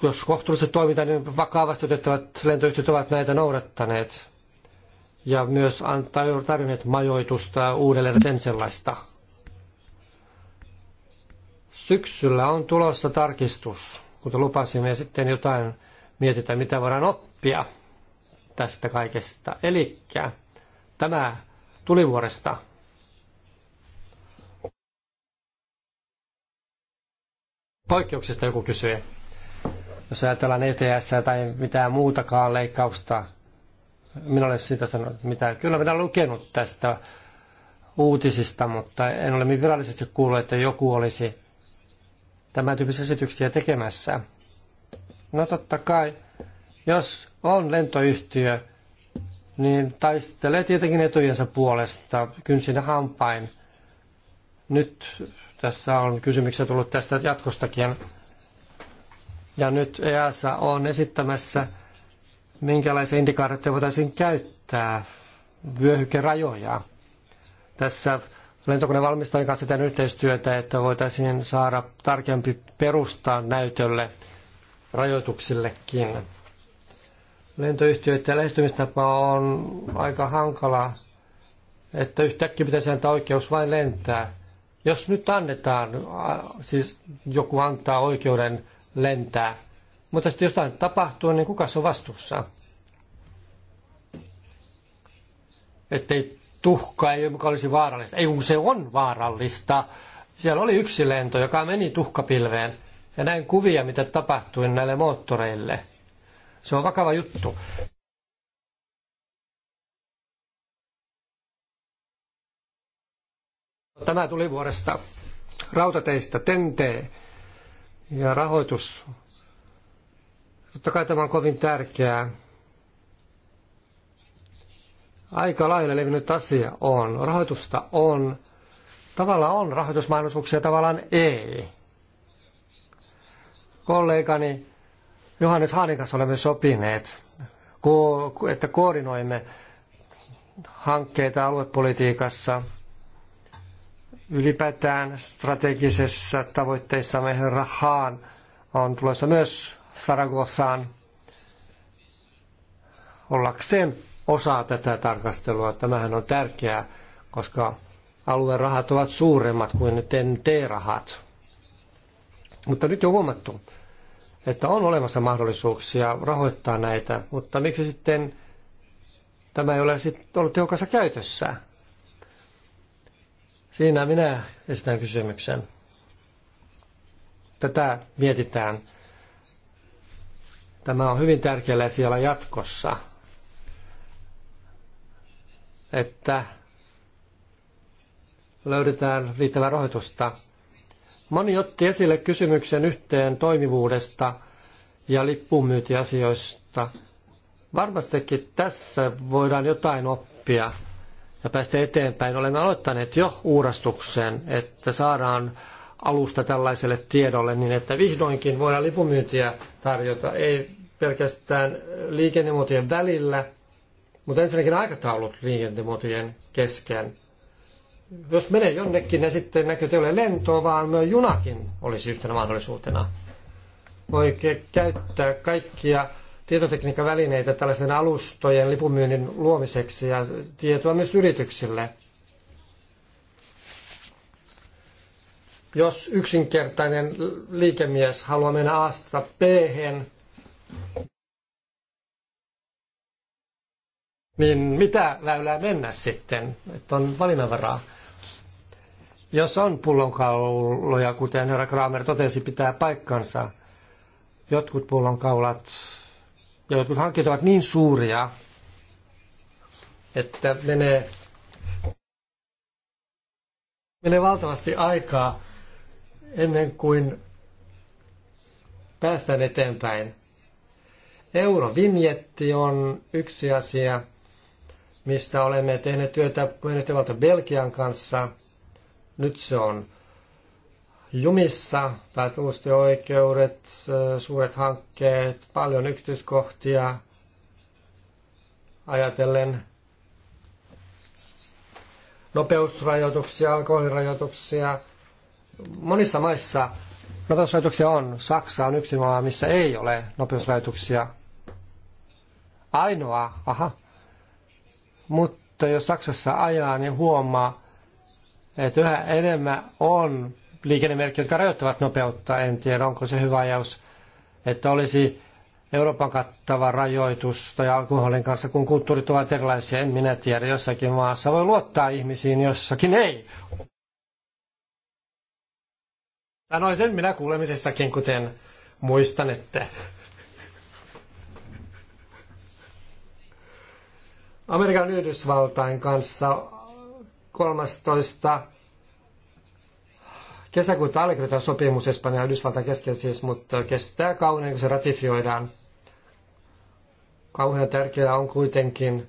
jos kohtuullisesti toimitaan, niin vakavasti otettavat lentoyhtiöt ovat näitä noudattaneet. Ja myös antaa tarjonneet majoitusta uudelleen sen sellaista. Syksyllä on tulossa tarkistus, kuten lupasimme, ja sitten jotain mietitään, mitä voidaan oppia tästä kaikesta. Eli tämä tulivuoresta Poikkeuksesta joku kysyy. Jos ajatellaan ETS tai mitään muutakaan leikkausta, minä olen sitä sanonut, mitä kyllä minä olen lukenut tästä uutisista, mutta en ole virallisesti kuullut, että joku olisi tämän tyyppisiä esityksiä tekemässä. No totta kai, jos on lentoyhtiö, niin taistelee tietenkin etujensa puolesta kynsin hampain. Nyt tässä on kysymyksiä tullut tästä jatkostakin. Ja nyt EASA on esittämässä, minkälaisia indikaatioita voitaisiin käyttää vyöhykerajoja. Tässä lentokonevalmistajan kanssa tämän yhteistyötä, että voitaisiin saada tarkempi perustaa näytölle rajoituksillekin. Lentoyhtiöiden lähestymistapa on aika hankala, että yhtäkkiä pitäisi antaa oikeus vain lentää. Jos nyt annetaan, siis joku antaa oikeuden lentää, mutta sitten jotain tapahtuu, niin kuka se on vastuussa? ei tuhkaa, joka olisi vaarallista. Ei se on vaarallista. Siellä oli yksi lento, joka meni tuhkapilveen. Ja näin kuvia, mitä tapahtui näille moottoreille. Se on vakava juttu. Tämä tuli vuodesta rautateistä, tentee ja rahoitus. Totta kai tämä on kovin tärkeää aika lailla levinnyt asia on. Rahoitusta on. Tavallaan on rahoitusmahdollisuuksia, tavallaan ei. Kollegani Johannes Haanin kanssa olemme sopineet, että koordinoimme hankkeita aluepolitiikassa ylipäätään strategisessa tavoitteissa meidän rahaan on tulossa myös Zaragothaan ollakseen osa tätä tarkastelua. Tämähän on tärkeää, koska alueen rahat ovat suuremmat kuin nyt NT-rahat. Mutta nyt on huomattu, että on olemassa mahdollisuuksia rahoittaa näitä, mutta miksi sitten tämä ei ole sitten ollut tehokassa käytössä? Siinä minä esitän kysymyksen. Tätä mietitään. Tämä on hyvin tärkeällä siellä jatkossa että löydetään riittävää rahoitusta. Moni otti esille kysymyksen yhteen toimivuudesta ja lippunmyyntiasioista. Varmastikin tässä voidaan jotain oppia ja päästä eteenpäin. Olemme aloittaneet jo uurastuksen, että saadaan alusta tällaiselle tiedolle niin, että vihdoinkin voidaan lipumyyntiä tarjota, ei pelkästään liikennemuotojen välillä, mutta ensinnäkin aikataulut liikennemuotojen kesken. Jos menee jonnekin, ne sitten näkyy, ei ole lentoa, vaan myös junakin olisi yhtenä mahdollisuutena. Voi käyttää kaikkia tietotekniikan välineitä tällaisten alustojen lipunmyynnin luomiseksi ja tietoa myös yrityksille. Jos yksinkertainen liikemies haluaa mennä a b niin mitä väylää mennä sitten, että on valinnanvaraa. Jos on pullonkauloja, kuten herra Kramer totesi, pitää paikkansa. Jotkut pullonkaulat ja jotkut hankkeet ovat niin suuria, että menee, menee valtavasti aikaa ennen kuin päästään eteenpäin. Eurovinjetti on yksi asia – mistä olemme tehneet työtä puheenjohtajavalta Belgian kanssa. Nyt se on jumissa, oikeudet, suuret hankkeet, paljon yksityiskohtia ajatellen nopeusrajoituksia, alkoholirajoituksia. Monissa maissa nopeusrajoituksia on. Saksa on yksi maa, missä ei ole nopeusrajoituksia. Ainoa, aha, mutta jos Saksassa ajaa, niin huomaa, että yhä enemmän on liikennemerkki, jotka rajoittavat nopeutta. En tiedä, onko se hyvä ajaus, että olisi Euroopan kattava rajoitus tai alkoholin kanssa, kun kulttuurit ovat erilaisia. En minä tiedä, jossakin maassa voi luottaa ihmisiin, jossakin ei. Sanoin sen minä kuulemisessakin, kuten muistan, että Amerikan Yhdysvaltain kanssa 13. kesäkuuta allekirjoitetaan sopimus Espanjan ja Yhdysvaltain kesken siis, mutta kestää kauan, kun se ratifioidaan. Kauhean tärkeää on kuitenkin,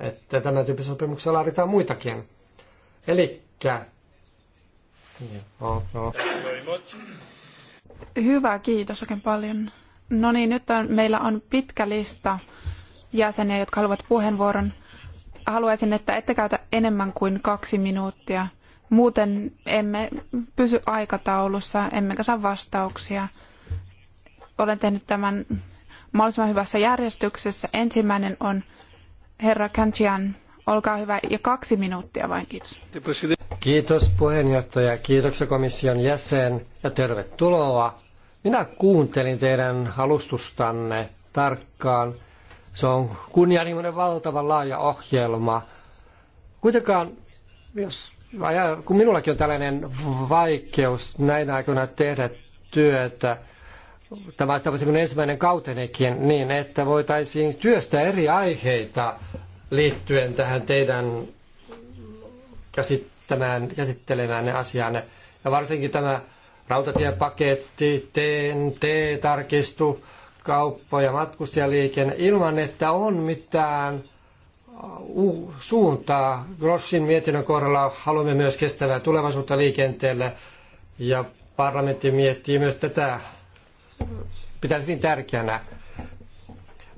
että tämän tyyppisessä sopimuksessa laaditaan muitakin. Eli niin, no, no. Hyvä, kiitos oikein paljon. No niin, nyt on, meillä on pitkä lista jäseniä, jotka haluavat puheenvuoron. Haluaisin, että ette käytä enemmän kuin kaksi minuuttia. Muuten emme pysy aikataulussa, emmekä saa vastauksia. Olen tehnyt tämän mahdollisimman hyvässä järjestyksessä. Ensimmäinen on herra Kanchian. Olkaa hyvä ja kaksi minuuttia vain, kiitos. Kiitos puheenjohtaja, kiitoksia komission jäsen ja tervetuloa minä kuuntelin teidän alustustanne tarkkaan. Se on kunnianhimoinen valtava laaja ohjelma. Kuitenkaan, jos, kun minullakin on tällainen vaikeus näinä aikoina tehdä työtä, tämä olisi tämmöinen ensimmäinen kautenekin, niin että voitaisiin työstää eri aiheita liittyen tähän teidän käsittämään, käsittelemään ne asianne. Ja varsinkin tämä rautatiepaketti, TNT-tarkistu, kauppa- ja matkustajaliikenne, ilman että on mitään uh, suuntaa. Grossin mietinnön kohdalla haluamme myös kestävää tulevaisuutta liikenteelle ja parlamentti miettii myös tätä, pitää hyvin tärkeänä.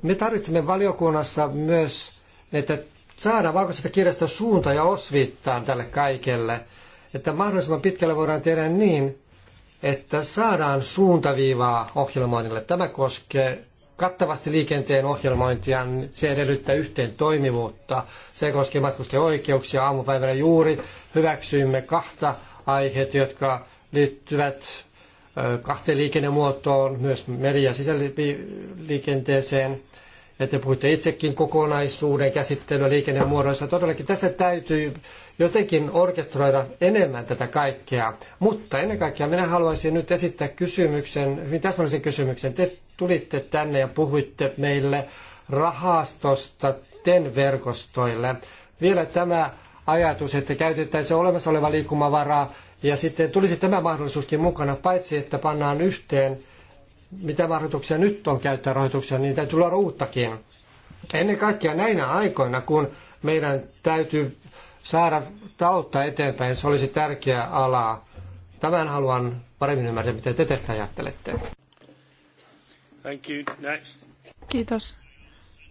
Me tarvitsemme valiokunnassa myös, että saadaan valkoisesta kirjasta suunta ja osviittaan tälle kaikelle, että mahdollisimman pitkälle voidaan tehdä niin, että saadaan suuntaviivaa ohjelmoinnille. Tämä koskee kattavasti liikenteen ohjelmointia, se edellyttää yhteen toimivuutta. Se koskee matkustajan oikeuksia. Aamupäivällä juuri hyväksyimme kahta aiheet, jotka liittyvät kahteen liikennemuotoon, myös meri- ja sisäliikenteeseen ja te puhuitte itsekin kokonaisuuden käsittelyä liikennemuodoissa. Todellakin tässä täytyy jotenkin orkestroida enemmän tätä kaikkea. Mutta ennen kaikkea minä haluaisin nyt esittää kysymyksen, hyvin täsmällisen kysymyksen. Te tulitte tänne ja puhuitte meille rahastosta TEN-verkostoille. Vielä tämä ajatus, että käytettäisiin olemassa oleva liikkumavaraa ja sitten tulisi tämä mahdollisuuskin mukana, paitsi että pannaan yhteen mitä varoituksia nyt on käyttää rahoituksia, niin täytyy luoda uuttakin. Ennen kaikkea näinä aikoina, kun meidän täytyy saada taloutta eteenpäin, se olisi tärkeä ala. Tämän haluan paremmin ymmärtää, mitä te tästä ajattelette. Thank you. Next. Kiitos.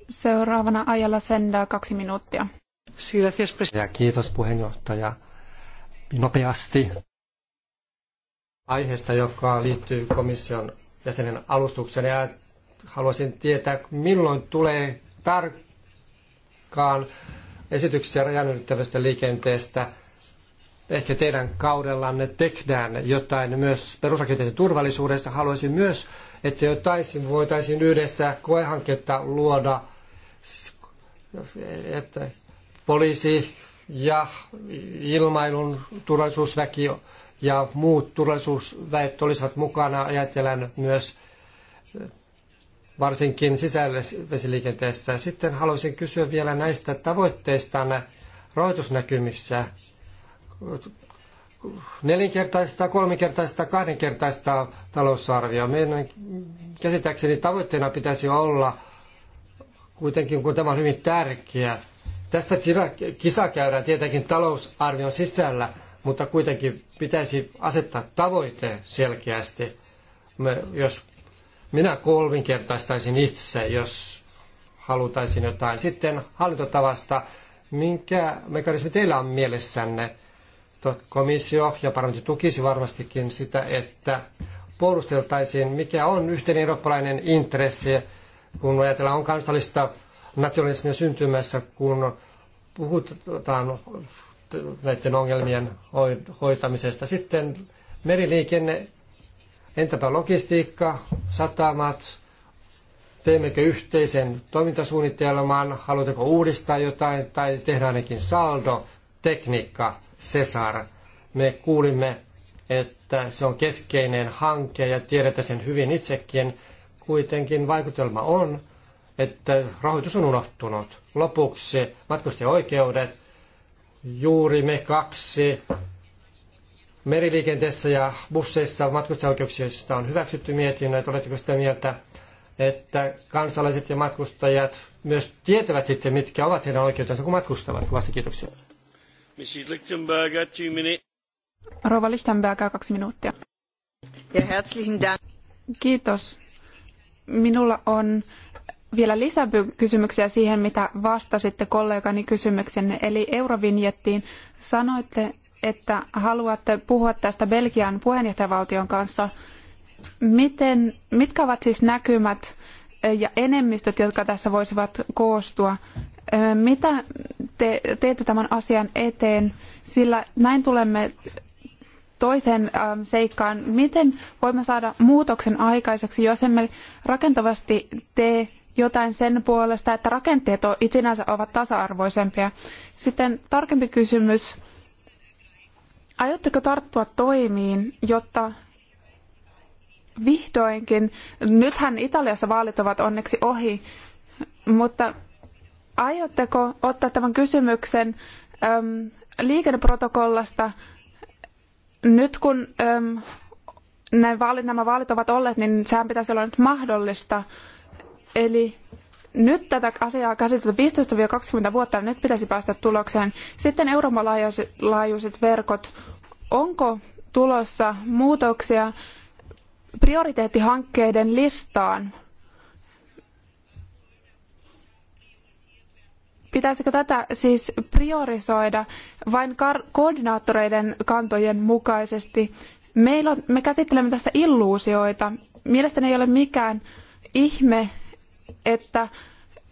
Seuraavana ajalla sendaa kaksi minuuttia. Ja kiitos puheenjohtaja. Nopeasti aiheesta, joka liittyy komission jäsenen alustuksen ja haluaisin tietää, milloin tulee tarkkaan esityksiä rajanylittävästä liikenteestä. Ehkä teidän kaudellanne tehdään jotain myös perusrakenteiden turvallisuudesta. Haluaisin myös, että jotain voitaisiin yhdessä koehanketta luoda, että poliisi ja ilmailun turvallisuusväki ja muut turvallisuusväet olisivat mukana, ajatellen myös varsinkin sisällä Sitten haluaisin kysyä vielä näistä tavoitteista rahoitusnäkymissä. Nelinkertaista, kolminkertaista, kahdenkertaista talousarvio. Meidän käsittääkseni tavoitteena pitäisi olla kuitenkin, kun tämä on hyvin tärkeä. Tästä kisa käydään tietenkin talousarvion sisällä, mutta kuitenkin pitäisi asettaa tavoite selkeästi. Me, jos minä kolminkertaistaisin itse, jos halutaisin jotain. Sitten hallintotavasta, minkä mekanismi teillä on mielessänne? Komissio ja parlamentti tukisi varmastikin sitä, että puolusteltaisiin, mikä on yhteinen eurooppalainen intressi, kun ajatellaan on kansallista nationalismia syntymässä, kun puhutaan näiden ongelmien hoitamisesta. Sitten meriliikenne, entäpä logistiikka, satamat, teemmekö yhteisen toimintasuunnitelman, halutaanko uudistaa jotain tai tehdään ainakin saldo, tekniikka, Cesar. Me kuulimme, että se on keskeinen hanke ja tiedätte sen hyvin itsekin. Kuitenkin vaikutelma on, että rahoitus on unohtunut. Lopuksi matkustajaoikeudet, juuri me kaksi meriliikenteessä ja busseissa matkustajaoikeuksista on hyväksytty mietinnöt. Oletteko sitä mieltä, että kansalaiset ja matkustajat myös tietävät sitten, mitkä ovat heidän oikeutensa, kun matkustavat? Kovasti kiitoksia. Mrs. Rova Lichtenberg, kaksi minuuttia. Ja herzlichen Dank. Kiitos. Minulla on vielä lisäkysymyksiä siihen, mitä vastasitte kollegani kysymyksenne, eli eurovinjettiin. Sanoitte, että haluatte puhua tästä Belgian puheenjohtajavaltion kanssa. Miten, mitkä ovat siis näkymät ja enemmistöt, jotka tässä voisivat koostua? Mitä te teette tämän asian eteen? Sillä näin tulemme toiseen seikkaan. Miten voimme saada muutoksen aikaiseksi, jos emme rakentavasti tee jotain sen puolesta, että rakenteet sinänsä ovat tasa-arvoisempia. Sitten tarkempi kysymys. Aiotteko tarttua toimiin, jotta vihdoinkin, nythän Italiassa vaalit ovat onneksi ohi, mutta aiotteko ottaa tämän kysymyksen äm, liikenneprotokollasta nyt kun äm, nämä vaalit ovat olleet, niin sehän pitäisi olla nyt mahdollista Eli nyt tätä asiaa käsitelty 15-20 vuotta ja nyt pitäisi päästä tulokseen. Sitten Euroopan laajuiset verkot. Onko tulossa muutoksia prioriteettihankkeiden listaan? Pitäisikö tätä siis priorisoida vain koordinaattoreiden kantojen mukaisesti? Meillä on, me käsittelemme tässä illuusioita. Mielestäni ei ole mikään ihme, että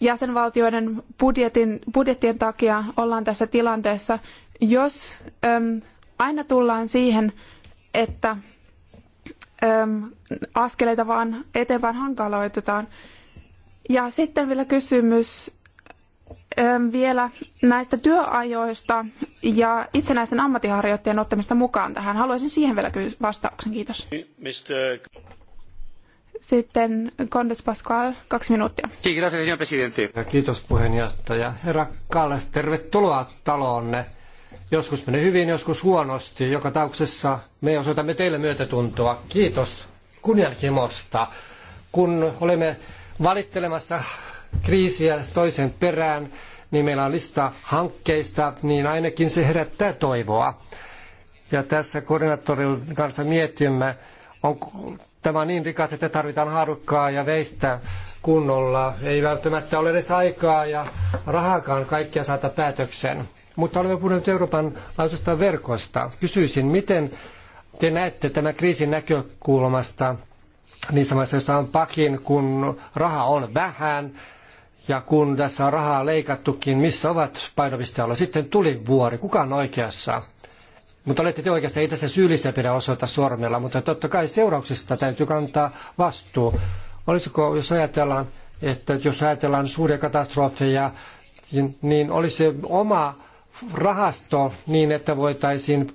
jäsenvaltioiden budjetin, budjettien takia ollaan tässä tilanteessa, jos äm, aina tullaan siihen, että äm, askeleita vaan eteenpäin hankaloitetaan. Ja sitten vielä kysymys äm, vielä näistä työajoista ja itsenäisten ammattiharjoittajien ottamista mukaan tähän. Haluaisin siihen vielä vastauksen. Kiitos. Mr. Sitten Condes Pascual, kaksi minuuttia. Kiitos puheenjohtaja. Herra Kallas, tervetuloa taloonne. Joskus menee hyvin, joskus huonosti. Joka tauksessa me osoitamme teille myötätuntoa. Kiitos kunnianhimosta. Kun olemme valittelemassa kriisiä toisen perään, niin meillä on lista hankkeista, niin ainakin se herättää toivoa. Ja tässä koordinaattorin kanssa mietimme, onko. Tämä on niin rikas, että tarvitaan haarukkaa ja veistä kunnolla. Ei välttämättä ole edes aikaa ja rahakaan kaikkia saata päätöksen. Mutta olemme puhuneet Euroopan laajuisesta verkosta. Kysyisin, miten te näette tämän kriisin näkökulmasta niissä maissa, joissa on pakin, kun raha on vähän ja kun tässä on rahaa leikattukin, missä ovat painopistealueet. Sitten tuli vuori. Kuka on oikeassa? Mutta olette te oikeastaan, ei tässä syyllisiä pidä osoita sormella, mutta totta kai seurauksista täytyy kantaa vastuu. Olisiko, jos ajatellaan, että jos ajatellaan suuria katastrofeja, niin olisi oma rahasto niin, että voitaisiin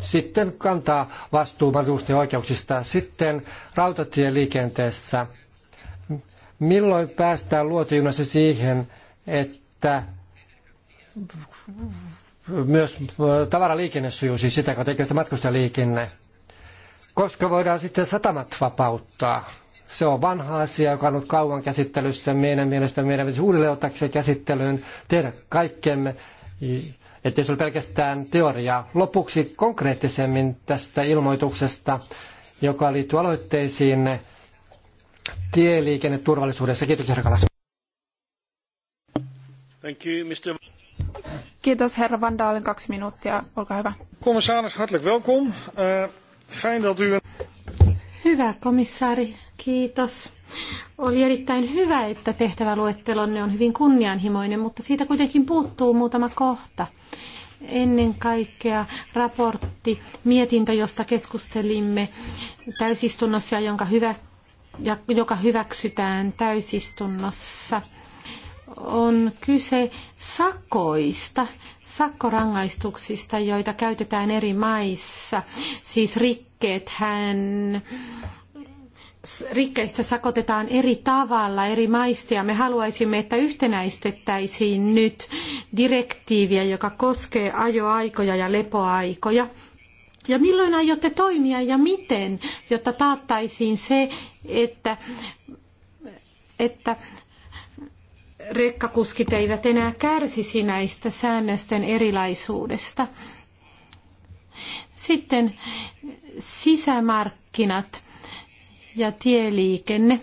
sitten kantaa vastuu matkustajien oikeuksista. Sitten rautatieliikenteessä. Milloin päästään luotijunassa siihen, että myös tavaraliikenne sujuu, siis sitä kautta eikä matkustajaliikenne. Koska voidaan sitten satamat vapauttaa. Se on vanha asia, joka on ollut kauan käsittelyssä. Meidän mielestä meidän pitäisi uudelleen ottaa se käsittelyyn, tehdä kaikkemme, ettei se ole pelkästään teoriaa. Lopuksi konkreettisemmin tästä ilmoituksesta, joka liittyy aloitteisiin tieliikenneturvallisuudessa. Kiitos, herra Thank you, Mr. Kiitos herra Van Dalen, kaksi minuuttia. Olkaa hyvä. Commissaris, hartelijk welkom. Eh, fijn dat u... Hyvä komissaari, kiitos. Oli erittäin hyvä, että tehtäväluettelonne on hyvin kunnianhimoinen, mutta siitä kuitenkin puuttuu muutama kohta. Ennen kaikkea raportti, mietintö, josta keskustelimme täysistunnossa ja jonka hyvä, joka hyväksytään täysistunnossa on kyse sakoista, sakkorangaistuksista, joita käytetään eri maissa. Siis rikkeet hän rikkeistä sakotetaan eri tavalla eri maista ja me haluaisimme, että yhtenäistettäisiin nyt direktiiviä, joka koskee ajoaikoja ja lepoaikoja. Ja milloin aiotte toimia ja miten, jotta taattaisiin se, että, että rekkakuskit eivät enää kärsisi näistä säännösten erilaisuudesta. Sitten sisämarkkinat ja tieliikenne.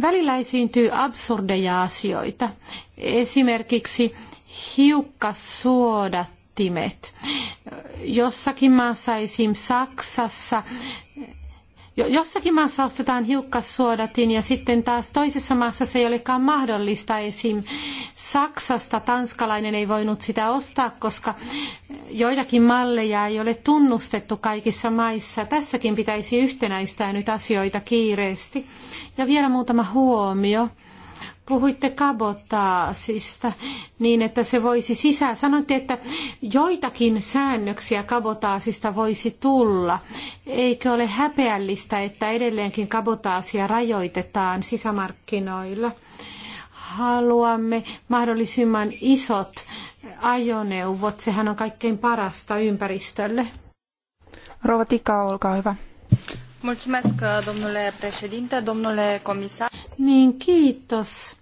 Välillä esiintyy absurdeja asioita. Esimerkiksi hiukkassuodattimet. Jossakin maassa, esim. Saksassa, jossakin maassa ostetaan hiukkassuodatin ja sitten taas toisessa maassa se ei olekaan mahdollista. Esim. Saksasta tanskalainen ei voinut sitä ostaa, koska joitakin malleja ei ole tunnustettu kaikissa maissa. Tässäkin pitäisi yhtenäistää nyt asioita kiireesti. Ja vielä muutama huomio Puhuitte kabotaasista niin, että se voisi sisään. Sanoitte, että joitakin säännöksiä kabotaasista voisi tulla. Eikö ole häpeällistä, että edelleenkin kabotaasia rajoitetaan sisämarkkinoilla? Haluamme mahdollisimman isot ajoneuvot. Sehän on kaikkein parasta ympäristölle. Rova Tika, olkaa hyvä. Mulțumesc, domnule președinte, domnule comisar. Niin, kiitos.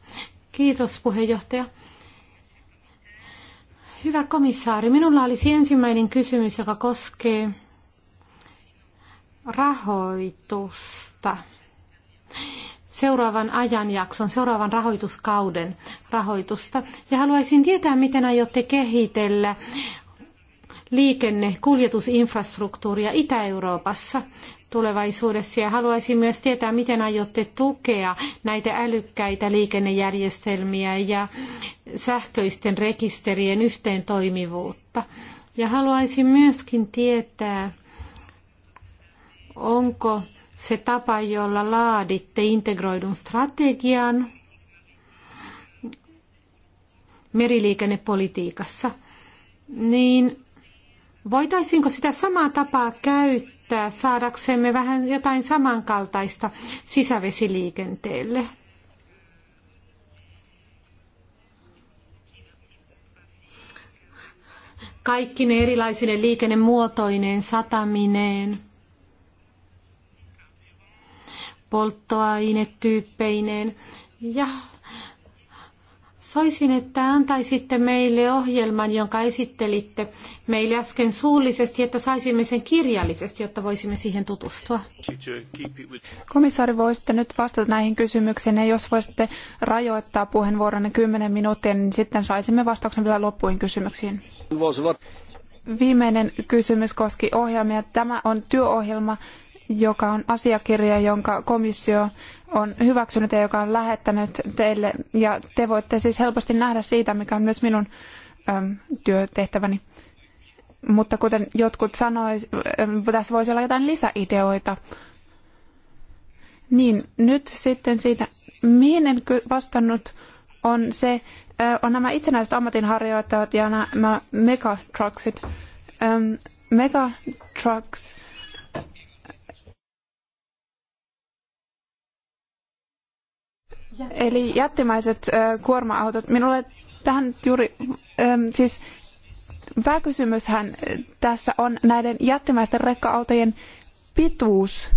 Kiitos, puheenjohtaja. Hyvä komissaari, minulla olisi ensimmäinen kysymys, joka koskee rahoitusta seuraavan ajanjakson, seuraavan rahoituskauden rahoitusta. Ja haluaisin tietää, miten aiotte kehitellä liikenne- kuljetusinfrastruktuuria Itä-Euroopassa tulevaisuudessa ja haluaisin myös tietää, miten aiotte tukea näitä älykkäitä liikennejärjestelmiä ja sähköisten rekisterien yhteentoimivuutta. Ja haluaisin myöskin tietää, onko se tapa, jolla laaditte integroidun strategian meriliikennepolitiikassa, niin voitaisiinko sitä samaa tapaa käyttää käyttää saadaksemme vähän jotain samankaltaista sisävesiliikenteelle. Kaikki ne erilaisille liikennemuotoineen, satamineen, polttoainetyyppeineen ja Soisin, että antaisitte meille ohjelman, jonka esittelitte meille äsken suullisesti, että saisimme sen kirjallisesti, jotta voisimme siihen tutustua. Komissaari, voisitte nyt vastata näihin kysymyksiin, ja jos voisitte rajoittaa puheenvuoronne 10 minuuttia, niin sitten saisimme vastauksen vielä loppuihin kysymyksiin. Viimeinen kysymys koski ohjelmia. Tämä on työohjelma, joka on asiakirja, jonka komissio on hyväksynyt ja joka on lähettänyt teille. Ja te voitte siis helposti nähdä siitä, mikä on myös minun äm, työtehtäväni. Mutta kuten jotkut sanoivat, tässä voisi olla jotain lisäideoita. Niin, nyt sitten siitä, mihin en vastannut, on, se, on nämä itsenäiset ammatinharjoittajat ja nämä megatrucksit. Megatrucks Eli jättimäiset kuorma-autot. Minulle tähän juuri, siis pääkysymyshän tässä on näiden jättimäisten rekka-autojen pituus.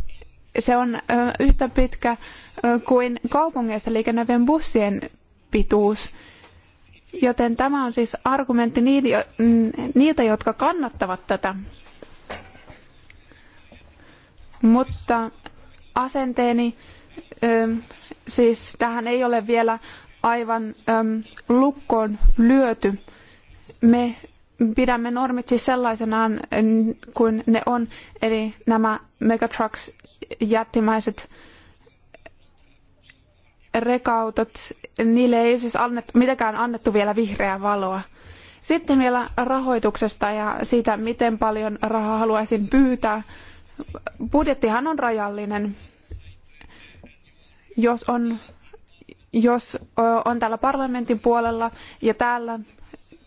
Se on yhtä pitkä kuin kaupungeissa liikennevien bussien pituus. Joten tämä on siis argumentti mm, niitä, jotka kannattavat tätä. Mutta asenteeni siis tähän ei ole vielä aivan lukkoon lyöty. Me pidämme normit siis sellaisenaan kuin ne on, eli nämä megatrucks jättimäiset rekautot, niille ei siis annettu, mitenkään annettu vielä vihreää valoa. Sitten vielä rahoituksesta ja siitä, miten paljon rahaa haluaisin pyytää. Budjettihan on rajallinen jos on, jos on täällä parlamentin puolella ja täällä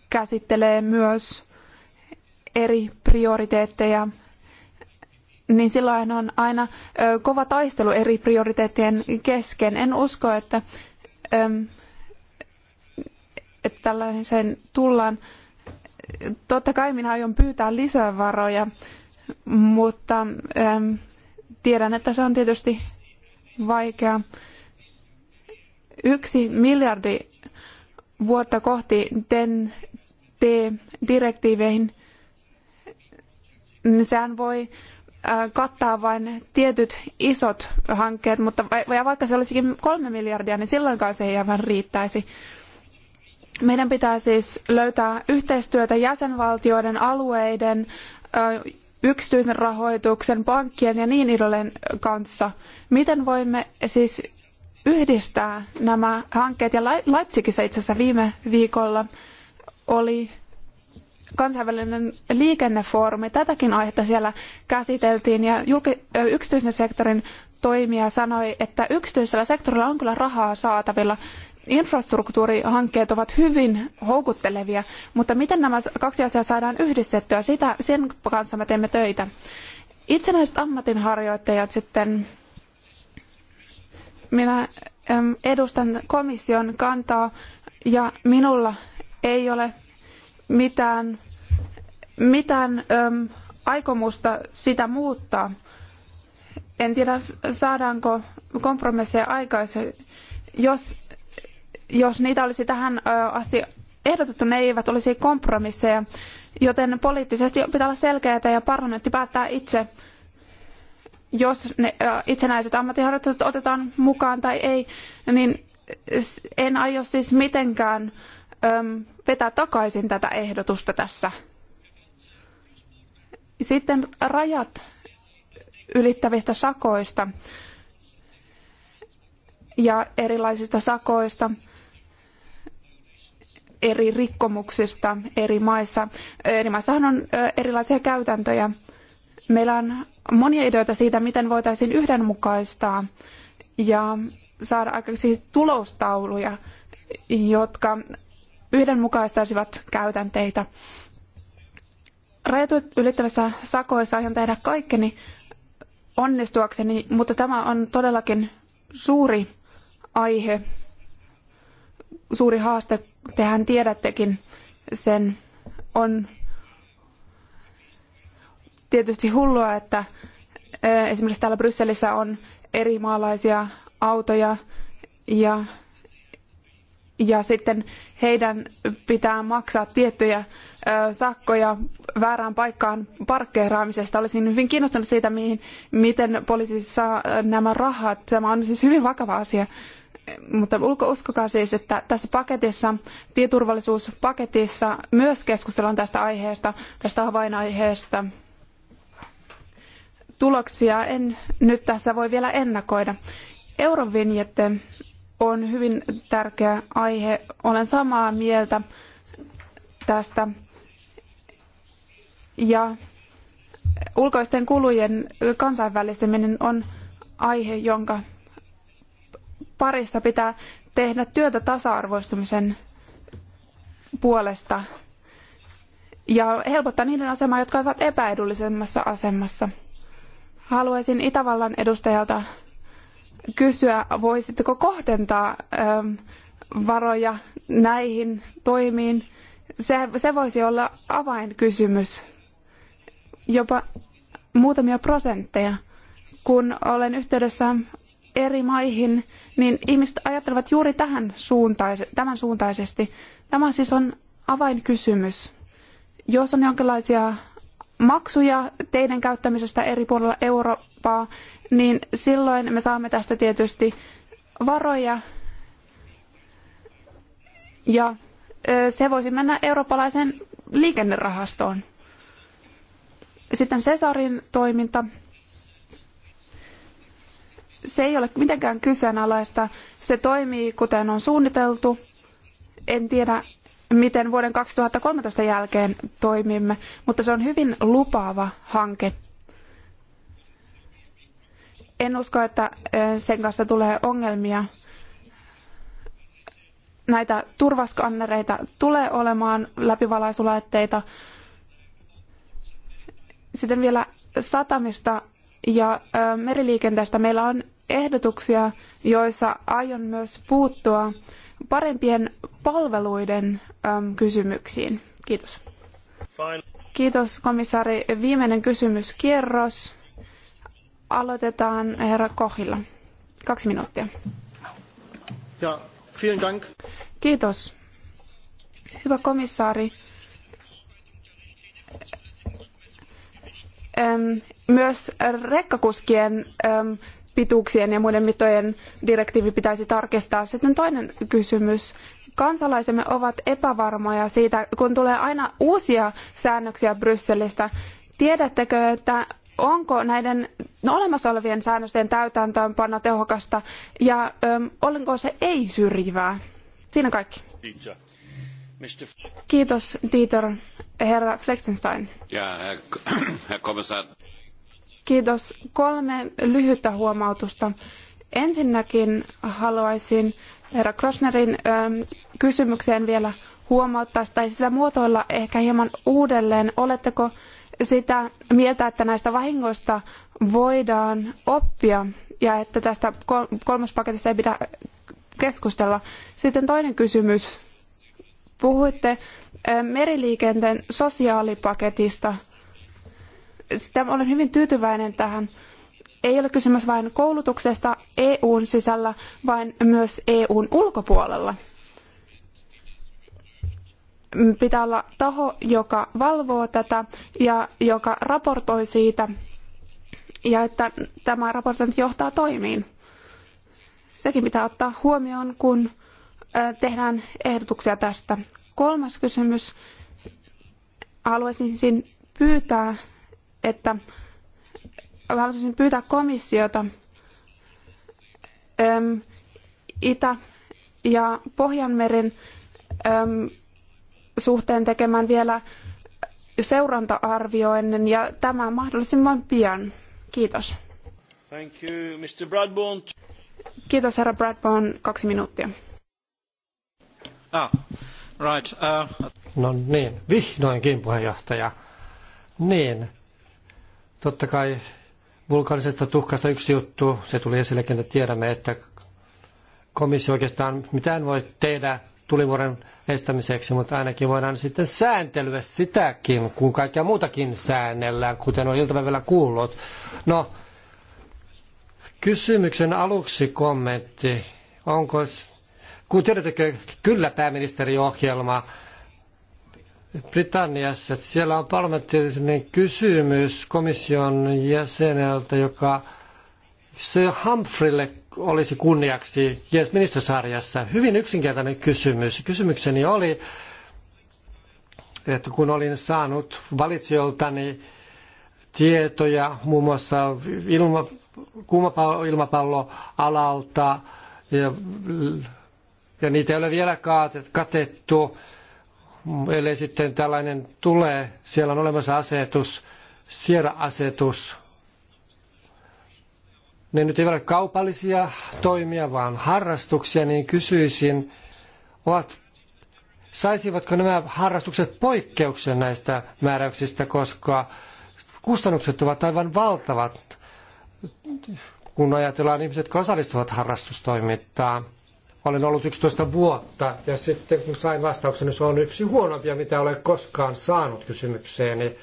käsittelee myös eri prioriteetteja, niin silloin on aina kova taistelu eri prioriteettien kesken. En usko, että, että tällaiseen tullaan. Totta kai minä aion pyytää lisää varoja, mutta tiedän, että se on tietysti vaikea. Yksi miljardi vuotta kohti TEN-T-direktiiveihin, niin sehän voi kattaa vain tietyt isot hankkeet, mutta vaikka se olisikin kolme miljardia, niin silloinkaan se ei aivan riittäisi. Meidän pitää siis löytää yhteistyötä jäsenvaltioiden, alueiden, yksityisen rahoituksen, pankkien ja niin edelleen kanssa. Miten voimme siis yhdistää nämä hankkeet? Ja Leipzigissä itse asiassa viime viikolla oli kansainvälinen liikennefoorumi. Tätäkin aihetta siellä käsiteltiin ja yksityisen sektorin toimija sanoi, että yksityisellä sektorilla on kyllä rahaa saatavilla infrastruktuurihankkeet ovat hyvin houkuttelevia, mutta miten nämä kaksi asiaa saadaan yhdistettyä, sitä, sen kanssa me teemme töitä. Itsenäiset ammatinharjoittajat sitten, minä edustan komission kantaa ja minulla ei ole mitään, mitään äm, aikomusta sitä muuttaa. En tiedä, saadaanko kompromisseja aikaisemmin. Jos jos niitä olisi tähän asti ehdotettu, ne eivät olisi kompromisseja, joten poliittisesti pitää olla selkeää ja parlamentti päättää itse, jos ne itsenäiset ammattiharjoittajat otetaan mukaan tai ei, niin en aio siis mitenkään vetää takaisin tätä ehdotusta tässä. Sitten rajat ylittävistä sakoista ja erilaisista sakoista eri rikkomuksista eri maissa. Eri maissahan on erilaisia käytäntöjä. Meillä on monia ideoita siitä, miten voitaisiin yhdenmukaistaa ja saada aikaiseksi siis tulostauluja, jotka yhdenmukaistaisivat käytänteitä. Rajat ylittävässä sakoissa aion tehdä kaikkeni onnistuakseni, mutta tämä on todellakin suuri aihe, suuri haaste Tehän tiedättekin sen. On tietysti hullua, että esimerkiksi täällä Brysselissä on eri maalaisia autoja ja, ja sitten heidän pitää maksaa tiettyjä sakkoja väärään paikkaan parkkeeraamisesta. Olisin hyvin kiinnostunut siitä, mihin, miten poliisi saa nämä rahat. Tämä on siis hyvin vakava asia mutta uskokaa siis, että tässä paketissa, tieturvallisuuspaketissa myös keskustellaan tästä aiheesta, tästä havainaiheesta. Tuloksia en nyt tässä voi vielä ennakoida. Eurovinjette on hyvin tärkeä aihe. Olen samaa mieltä tästä. Ja ulkoisten kulujen kansainvälistäminen on aihe, jonka parissa pitää tehdä työtä tasa-arvoistumisen puolesta ja helpottaa niiden asemaa, jotka ovat epäedullisemmassa asemassa. Haluaisin Itävallan edustajalta kysyä, voisitteko kohdentaa ähm, varoja näihin toimiin. Se, se voisi olla avainkysymys, jopa muutamia prosentteja. Kun olen yhteydessä eri maihin, niin ihmiset ajattelevat juuri tähän suuntaise- tämän suuntaisesti. Tämä siis on avainkysymys. Jos on jonkinlaisia maksuja teidän käyttämisestä eri puolilla Eurooppaa, niin silloin me saamme tästä tietysti varoja ja se voisi mennä eurooppalaiseen liikennerahastoon. Sitten Cesarin toiminta se ei ole mitenkään kyseenalaista. Se toimii kuten on suunniteltu. En tiedä, miten vuoden 2013 jälkeen toimimme, mutta se on hyvin lupaava hanke. En usko, että sen kanssa tulee ongelmia. Näitä turvaskannereita tulee olemaan läpivalaisulaitteita. Sitten vielä satamista ja meriliikenteestä meillä on ehdotuksia, joissa aion myös puuttua parempien palveluiden kysymyksiin. Kiitos. Kiitos komissaari. Viimeinen kysymyskierros. Aloitetaan herra Kohilla. Kaksi minuuttia. Ja, vielen dank. Kiitos. Hyvä komissaari. Myös rekkakuskien pituuksien ja muiden mitojen direktiivi pitäisi tarkistaa. Sitten toinen kysymys. Kansalaisemme ovat epävarmoja siitä, kun tulee aina uusia säännöksiä Brysselistä. Tiedättekö, että onko näiden no, olemassa olevien säännösten täytäntöönpano tehokasta ja öm, ähm, olenko se ei syrjivää? Siinä kaikki. Kiitos, Dieter. Herra Flechtenstein. Ja, herr, herr Kiitos. Kolme lyhyttä huomautusta. Ensinnäkin haluaisin herra Krosnerin ähm, kysymykseen vielä huomauttaa tai sitä muotoilla ehkä hieman uudelleen. Oletteko sitä mieltä, että näistä vahingoista voidaan oppia ja että tästä kolmospaketista ei pidä keskustella? Sitten toinen kysymys. Puhuitte äh, meriliikenteen sosiaalipaketista – sitä olen hyvin tyytyväinen tähän. Ei ole kysymys vain koulutuksesta EUn sisällä, vaan myös EUn ulkopuolella. Pitää olla taho, joka valvoo tätä ja joka raportoi siitä, ja että tämä raportointi johtaa toimiin. Sekin pitää ottaa huomioon, kun tehdään ehdotuksia tästä. Kolmas kysymys. Haluaisin siis pyytää, että haluaisin pyytää komissiota äm, Itä- ja Pohjanmeren äm, suhteen tekemään vielä seurantaarvioinnin ja tämä mahdollisimman pian. Kiitos. Thank you, Mr. Bradbourne. Kiitos, herra Bradbourne. Kaksi minuuttia. Ah, right. Uh... No niin, vihdoinkin puheenjohtaja. Niin, Totta kai vulkaanisesta tuhkasta yksi juttu, se tuli esille, että tiedämme, että komissio oikeastaan mitään voi tehdä tulivuoren estämiseksi, mutta ainakin voidaan sitten sääntelyä sitäkin, kun kaikkea muutakin säännellään, kuten on iltapäivällä kuullut. No, kysymyksen aluksi kommentti. Onko, kun tiedättekö, kyllä pääministeriohjelma ohjelma Britanniassa. Että siellä on parlamentaarinen kysymys komission jäseneltä, joka Sir Humphreylle olisi kunniaksi Yes Ministersarjassa. Hyvin yksinkertainen kysymys. Kysymykseni oli, että kun olin saanut valitsijoiltani tietoja muun muassa ilma, kuumapallo, ilmapalloalalta ja, ja niitä ei ole vielä katettu, ellei sitten tällainen tulee, siellä on olemassa asetus, Sierra-asetus. Ne nyt eivät ole kaupallisia toimia, vaan harrastuksia, niin kysyisin, ovat, saisivatko nämä harrastukset poikkeuksen näistä määräyksistä, koska kustannukset ovat aivan valtavat, kun ajatellaan ihmiset, jotka osallistuvat harrastustoimintaan olen ollut 11 vuotta ja sitten kun sain vastauksen, niin se on yksi huonompia, mitä olen koskaan saanut kysymykseeni niin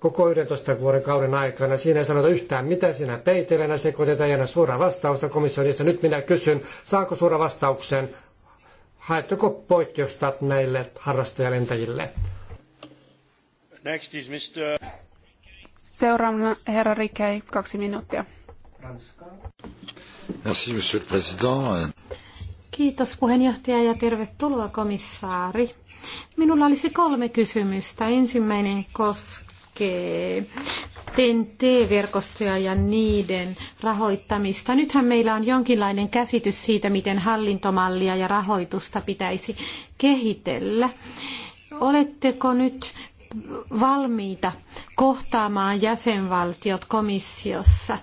koko 11 vuoden kauden aikana. Siinä ei sanota yhtään, mitä sinä peitelänä sekoitetaan ja suora vastausta komissionissa. Nyt minä kysyn, saanko suora vastauksen, haetteko poikkeusta näille harrastajalentäjille? Next is Mr. Seuraavana herra Rikei, kaksi minuuttia. Ranska. Merci, monsieur le président. Kiitos puheenjohtaja ja tervetuloa komissaari. Minulla olisi kolme kysymystä. Ensimmäinen koskee tnt verkostoja ja niiden rahoittamista. Nythän meillä on jonkinlainen käsitys siitä, miten hallintomallia ja rahoitusta pitäisi kehitellä. Oletteko nyt valmiita kohtaamaan jäsenvaltiot komissiossa?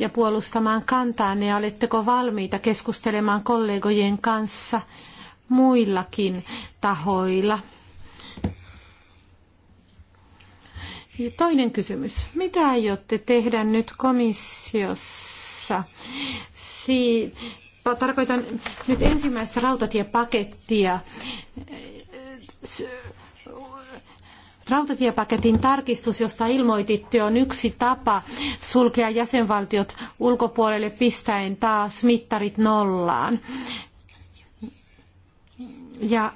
ja puolustamaan kantaanne ja oletteko valmiita keskustelemaan kollegojen kanssa muillakin tahoilla? Ja toinen kysymys. Mitä aiotte tehdä nyt komissiossa? Si- tarkoitan nyt ensimmäistä rautatiepakettia Rautatiepaketin tarkistus, josta ilmoititte, on yksi tapa sulkea jäsenvaltiot ulkopuolelle pistäen taas mittarit nollaan. Ja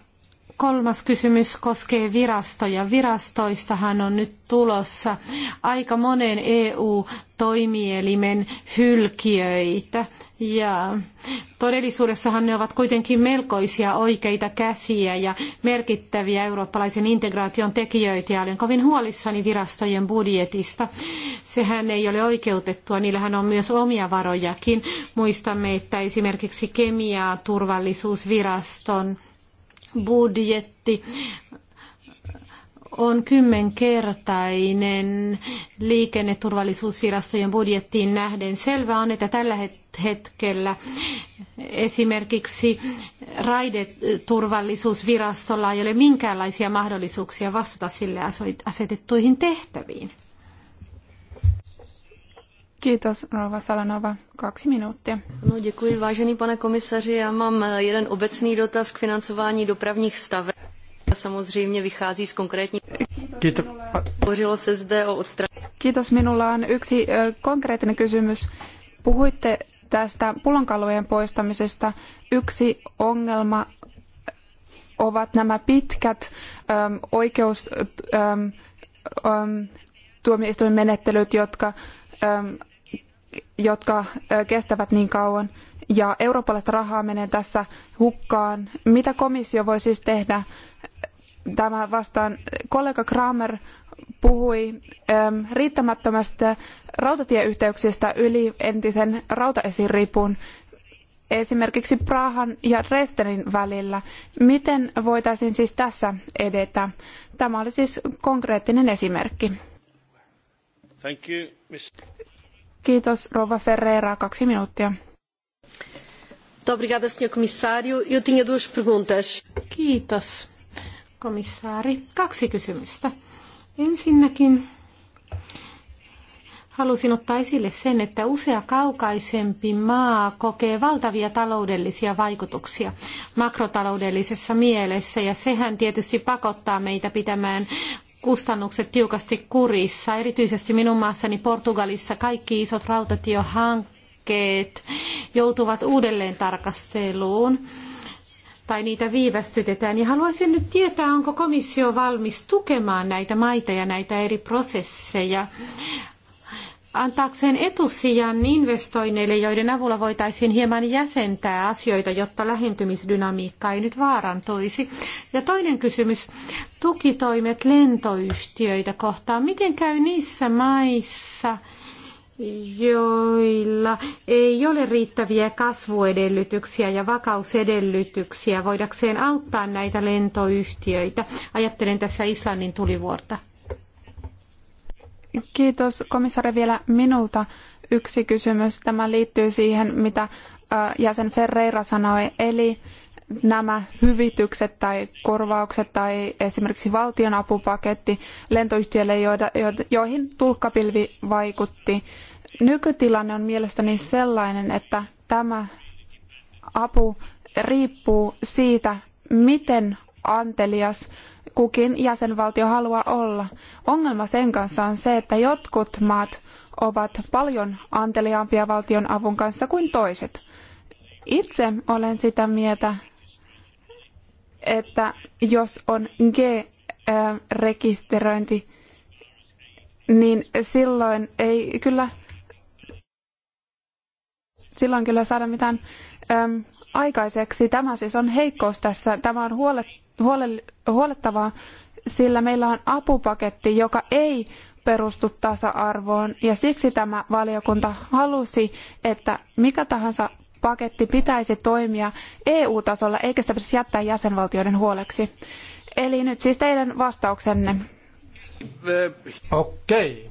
kolmas kysymys koskee virastoja. Virastoistahan on nyt tulossa aika monen EU-toimielimen hylkiöitä. Ja todellisuudessahan ne ovat kuitenkin melkoisia oikeita käsiä ja merkittäviä eurooppalaisen integraation tekijöitä ja olen kovin huolissani virastojen budjetista. Sehän ei ole oikeutettua, niillähän on myös omia varojakin. Muistamme, että esimerkiksi kemiaa turvallisuusviraston budjetti on kymmenkertainen liikenneturvallisuusvirastojen budjettiin nähden. Selvää on, että tällä hetkellä esimerkiksi raideturvallisuusvirastolla ei ole minkäänlaisia mahdollisuuksia vastata sille asetettuihin tehtäviin. Kiitos, Rova Salanova. Kaksi minuuttia. No, děkuji, vážený pane komisaři. Já mám eh, jeden obecný dotaz k financování dopravních staveb. Samozřejmě vychází z konkrétní... Kiitos. Kiitos. Minulla on yksi konkreettinen kysymys. Puhuitte tästä pullonkalojen poistamisesta. Yksi ongelma ovat nämä pitkät äm, oikeus... Äm, äm, tuomioistuinmenettelyt, jotka, äm, jotka kestävät niin kauan. Ja eurooppalaista rahaa menee tässä hukkaan. Mitä komissio voi siis tehdä tämä vastaan. Kollega Kramer puhui äm, riittämättömästä rautatieyhteyksistä yli entisen rautaesiripun esimerkiksi Prahan ja Dresdenin välillä. Miten voitaisiin siis tässä edetä? Tämä oli siis konkreettinen esimerkki. Thank you, Kiitos, Rova Ferreira. Kaksi minuuttia. Obrigada, senhor comissário. Eu tinha duas perguntas. Kiitos komissaari, kaksi kysymystä. Ensinnäkin halusin ottaa esille sen, että usea kaukaisempi maa kokee valtavia taloudellisia vaikutuksia makrotaloudellisessa mielessä, ja sehän tietysti pakottaa meitä pitämään kustannukset tiukasti kurissa. Erityisesti minun maassani Portugalissa kaikki isot rautatiehankkeet joutuvat uudelleen tarkasteluun tai niitä viivästytetään. Ja haluaisin nyt tietää, onko komissio valmis tukemaan näitä maita ja näitä eri prosesseja antaakseen etusijan investoinneille, joiden avulla voitaisiin hieman jäsentää asioita, jotta lähentymisdynamiikka ei nyt vaarantuisi. Ja toinen kysymys, tukitoimet lentoyhtiöitä kohtaan. Miten käy niissä maissa, joilla ei ole riittäviä kasvuedellytyksiä ja vakausedellytyksiä voidakseen auttaa näitä lentoyhtiöitä. Ajattelen tässä Islannin tulivuorta. Kiitos komissaari vielä minulta. Yksi kysymys. Tämä liittyy siihen, mitä jäsen Ferreira sanoi, eli nämä hyvitykset tai korvaukset tai esimerkiksi valtionapupaketti lentoyhtiöille, joihin tulkkapilvi vaikutti. Nykytilanne on mielestäni sellainen, että tämä apu riippuu siitä, miten antelias kukin jäsenvaltio haluaa olla. Ongelma sen kanssa on se, että jotkut maat ovat paljon anteliaampia valtion avun kanssa kuin toiset. Itse olen sitä mieltä, että jos on G-rekisteröinti, niin silloin ei kyllä silloin kyllä saada mitään äm, aikaiseksi. Tämä siis on heikkous tässä. Tämä on huole, huole, huolettavaa, sillä meillä on apupaketti, joka ei perustu tasa-arvoon, ja siksi tämä valiokunta halusi, että mikä tahansa Paketti pitäisi toimia EU-tasolla, eikä sitä pitäisi jättää jäsenvaltioiden huoleksi. Eli nyt siis teidän vastauksenne. Okei.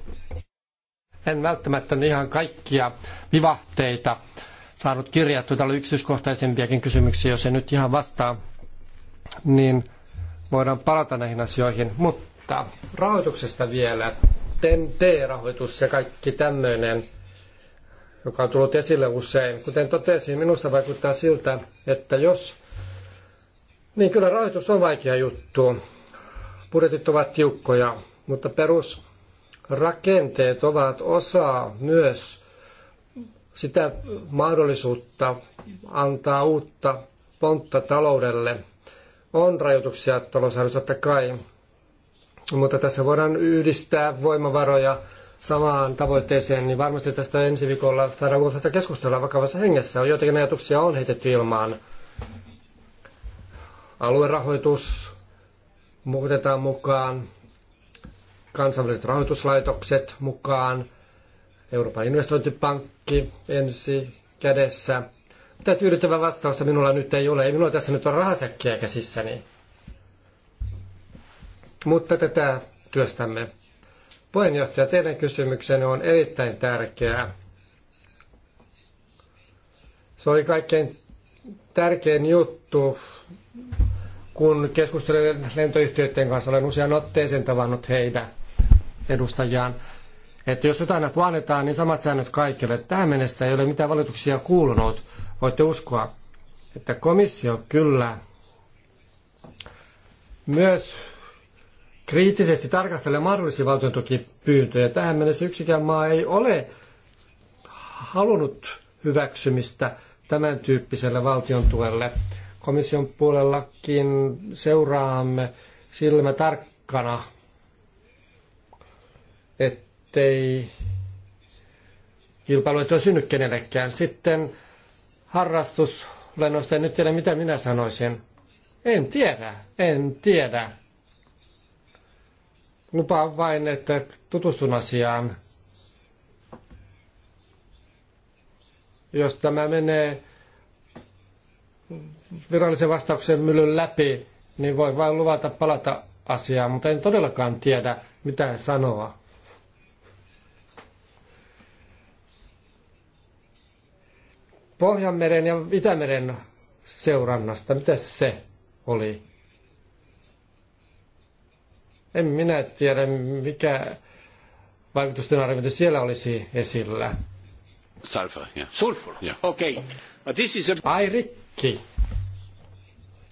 En välttämättä ihan kaikkia vivahteita saanut kirjattua. Täällä on yksityiskohtaisempiakin kysymyksiä, jos en nyt ihan vastaa. Niin voidaan palata näihin asioihin. Mutta rahoituksesta vielä. TEN-T-rahoitus ja kaikki tämmöinen – joka on tullut esille usein. Kuten totesin, minusta vaikuttaa siltä, että jos... Niin kyllä rahoitus on vaikea juttu. Budjetit ovat tiukkoja, mutta perusrakenteet ovat osa myös sitä mahdollisuutta antaa uutta pontta taloudelle. On rajoituksia talousarviossa totta kai, mutta tässä voidaan yhdistää voimavaroja – samaan tavoitteeseen, niin varmasti tästä ensi viikolla saadaan kuulostaa tästä keskustella vakavassa hengessä. Joitakin ajatuksia on heitetty ilmaan. Aluerahoitus muutetaan mukaan, kansainväliset rahoituslaitokset mukaan, Euroopan investointipankki ensi kädessä. Mitä tyydyttävää vastausta minulla nyt ei ole. Ei minulla tässä nyt ole rahasäkkiä käsissäni. Mutta tätä työstämme. Puheenjohtaja, teidän kysymyksenne on erittäin tärkeä. Se oli kaikkein tärkein juttu, kun keskustelin lentoyhtiöiden kanssa. Olen usean otteeseen tavannut heitä edustajiaan. Että jos jotain planetaan, niin samat säännöt kaikille. Tähän mennessä ei ole mitään valituksia kuulunut. Voitte uskoa, että komissio kyllä myös kriittisesti tarkastella mahdollisia valtiontukipyyntöjä. Tähän mennessä yksikään maa ei ole halunnut hyväksymistä tämän tyyppiselle valtion tuelle. Komission puolellakin seuraamme silmä tarkkana, ettei kilpailuetua synny kenellekään. Sitten harrastuslennosta, en nyt tiedä mitä minä sanoisin. En tiedä, en tiedä. Lupaan vain, että tutustun asiaan. Jos tämä menee virallisen vastauksen myllyn läpi, niin voi vain luvata palata asiaan, mutta en todellakaan tiedä, mitä sanoa. Pohjanmeren ja Itämeren seurannasta, mitä se oli? En minä tiedä, mikä vaikutusten arviointi siellä olisi esillä. Sulfur, yeah. Sulfur, yeah. okei. Okay. This is a... Ai rikki.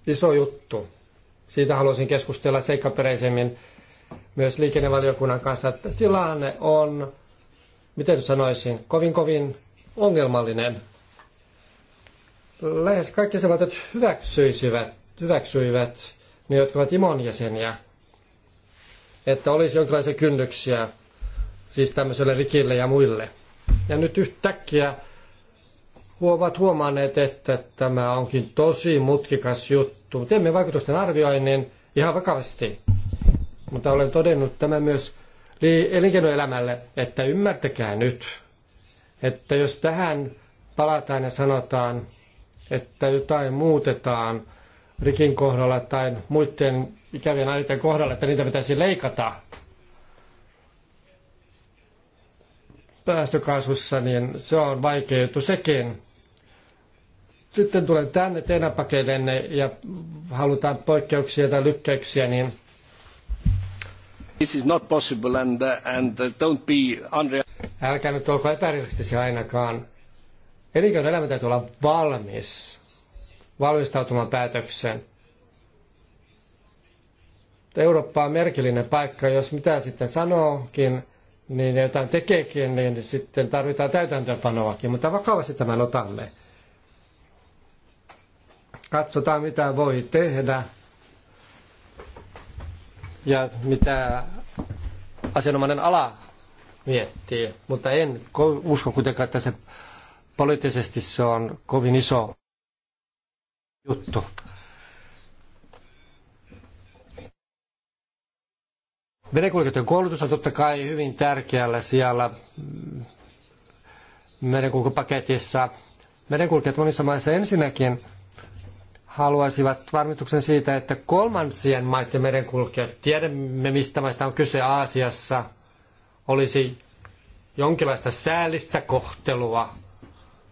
Iso juttu. Siitä haluaisin keskustella seikkaperäisemmin myös liikennevaliokunnan kanssa. Tilanne on, miten sanoisin, kovin kovin ongelmallinen. Lähes kaikki jäsenvaltiot hyväksyisivät, hyväksyivät ne, jotka ovat imon jäseniä – että olisi jonkinlaisia kynnyksiä siis tämmöiselle rikille ja muille. Ja nyt yhtäkkiä ovat huomanneet, että tämä onkin tosi mutkikas juttu. Teemme vaikutusten arvioinnin ihan vakavasti. Mutta olen todennut tämä myös elinkeinoelämälle, että ymmärtäkää nyt, että jos tähän palataan ja sanotaan, että jotain muutetaan, rikin kohdalla tai muiden ikävien aineiden kohdalla, että niitä pitäisi leikata päästökasvussa, niin se on vaikea juttu sekin. Sitten tulen tänne teidän pakeillenne ja halutaan poikkeuksia tai lykkäyksiä, niin This is not possible and, uh, and uh, don't be unreal. Älkää nyt olko epärealistisia ainakaan. elämä täytyy olla valmis valmistautumaan päätökseen. Eurooppa on merkillinen paikka, jos mitä sitten sanookin, niin jotain tekeekin, niin sitten tarvitaan täytäntöönpanoakin, mutta vakavasti tämän otamme. Katsotaan, mitä voi tehdä ja mitä asianomainen ala miettii, mutta en usko kuitenkaan, että se poliittisesti se on kovin iso juttu. Merenkulkijoiden koulutus on totta kai hyvin tärkeällä siellä merenkulkupaketissa. Merenkulkijat monissa maissa ensinnäkin haluaisivat varmistuksen siitä, että kolmansien maiden merenkulkijat, tiedämme mistä maista on kyse Aasiassa, olisi jonkinlaista säällistä kohtelua,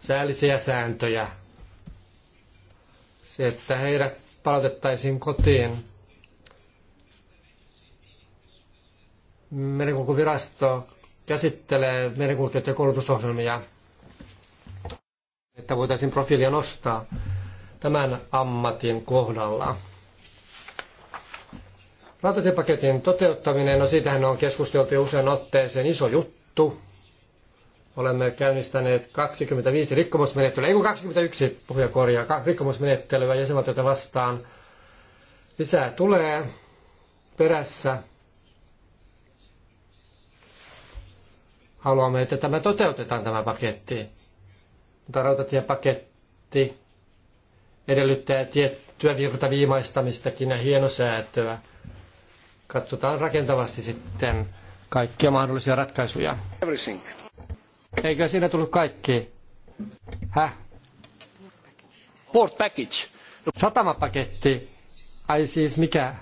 säällisiä sääntöjä – että heidät palautettaisiin kotiin. Merenkulkuvirasto käsittelee merenkulkijoiden koulutusohjelmia, että voitaisiin profiilia nostaa tämän ammatin kohdalla. Rautatiepaketin toteuttaminen, no siitähän on keskusteltu jo usean otteeseen, iso juttu. Olemme käynnistäneet 25 rikkomusmenettelyä, ei kun 21 puhuja korjaa, rikkomusmenettelyä jäsenvaltioita vastaan. Lisää tulee perässä. Haluamme, että tämä toteutetaan tämä paketti. Mutta rautatiepaketti edellyttää tiettyä virtaviimaistamistakin ja hienosäätöä. Katsotaan rakentavasti sitten kaikkia mahdollisia ratkaisuja. Everything. Eikö siinä tullut kaikki? Häh? Port package. Satamapaketti. Ai siis mikä?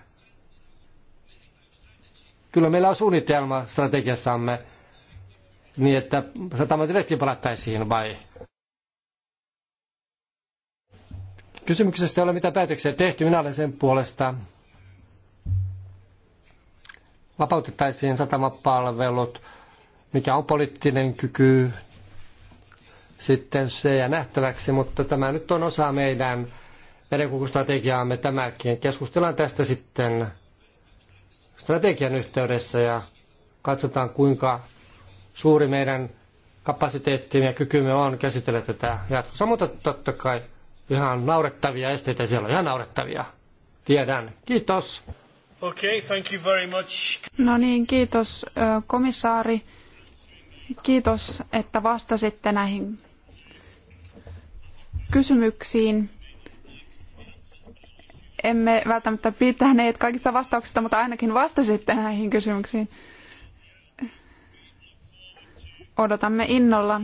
Kyllä meillä on suunnitelma strategiassamme niin, että direkti palattaisiin vai? Kysymyksestä ei ole mitä päätöksiä tehty. Minä olen sen puolesta. Vapautettaisiin satamapalvelut mikä on poliittinen kyky sitten se ja nähtäväksi, mutta tämä nyt on osa meidän merenkulkustrategiaamme tämäkin. Keskustellaan tästä sitten strategian yhteydessä ja katsotaan kuinka suuri meidän kapasiteettimme ja kykymme on käsitellä tätä jatkossa, mutta totta kai ihan naurettavia esteitä siellä on, ihan naurettavia. Tiedän. Kiitos. Okay, thank you very much. No niin, kiitos komissaari. Kiitos, että vastasitte näihin kysymyksiin. Emme välttämättä pitäneet kaikista vastauksista, mutta ainakin vastasitte näihin kysymyksiin. Odotamme innolla,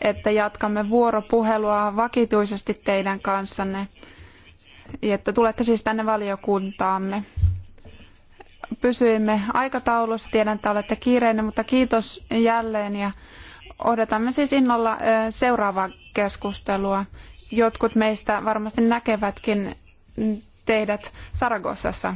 että jatkamme vuoropuhelua vakituisesti teidän kanssanne ja että tulette siis tänne valiokuntaamme pysyimme aikataulussa. Tiedän, että olette kiireinen, mutta kiitos jälleen ja odotamme siis innolla seuraavaa keskustelua. Jotkut meistä varmasti näkevätkin teidät Saragossassa.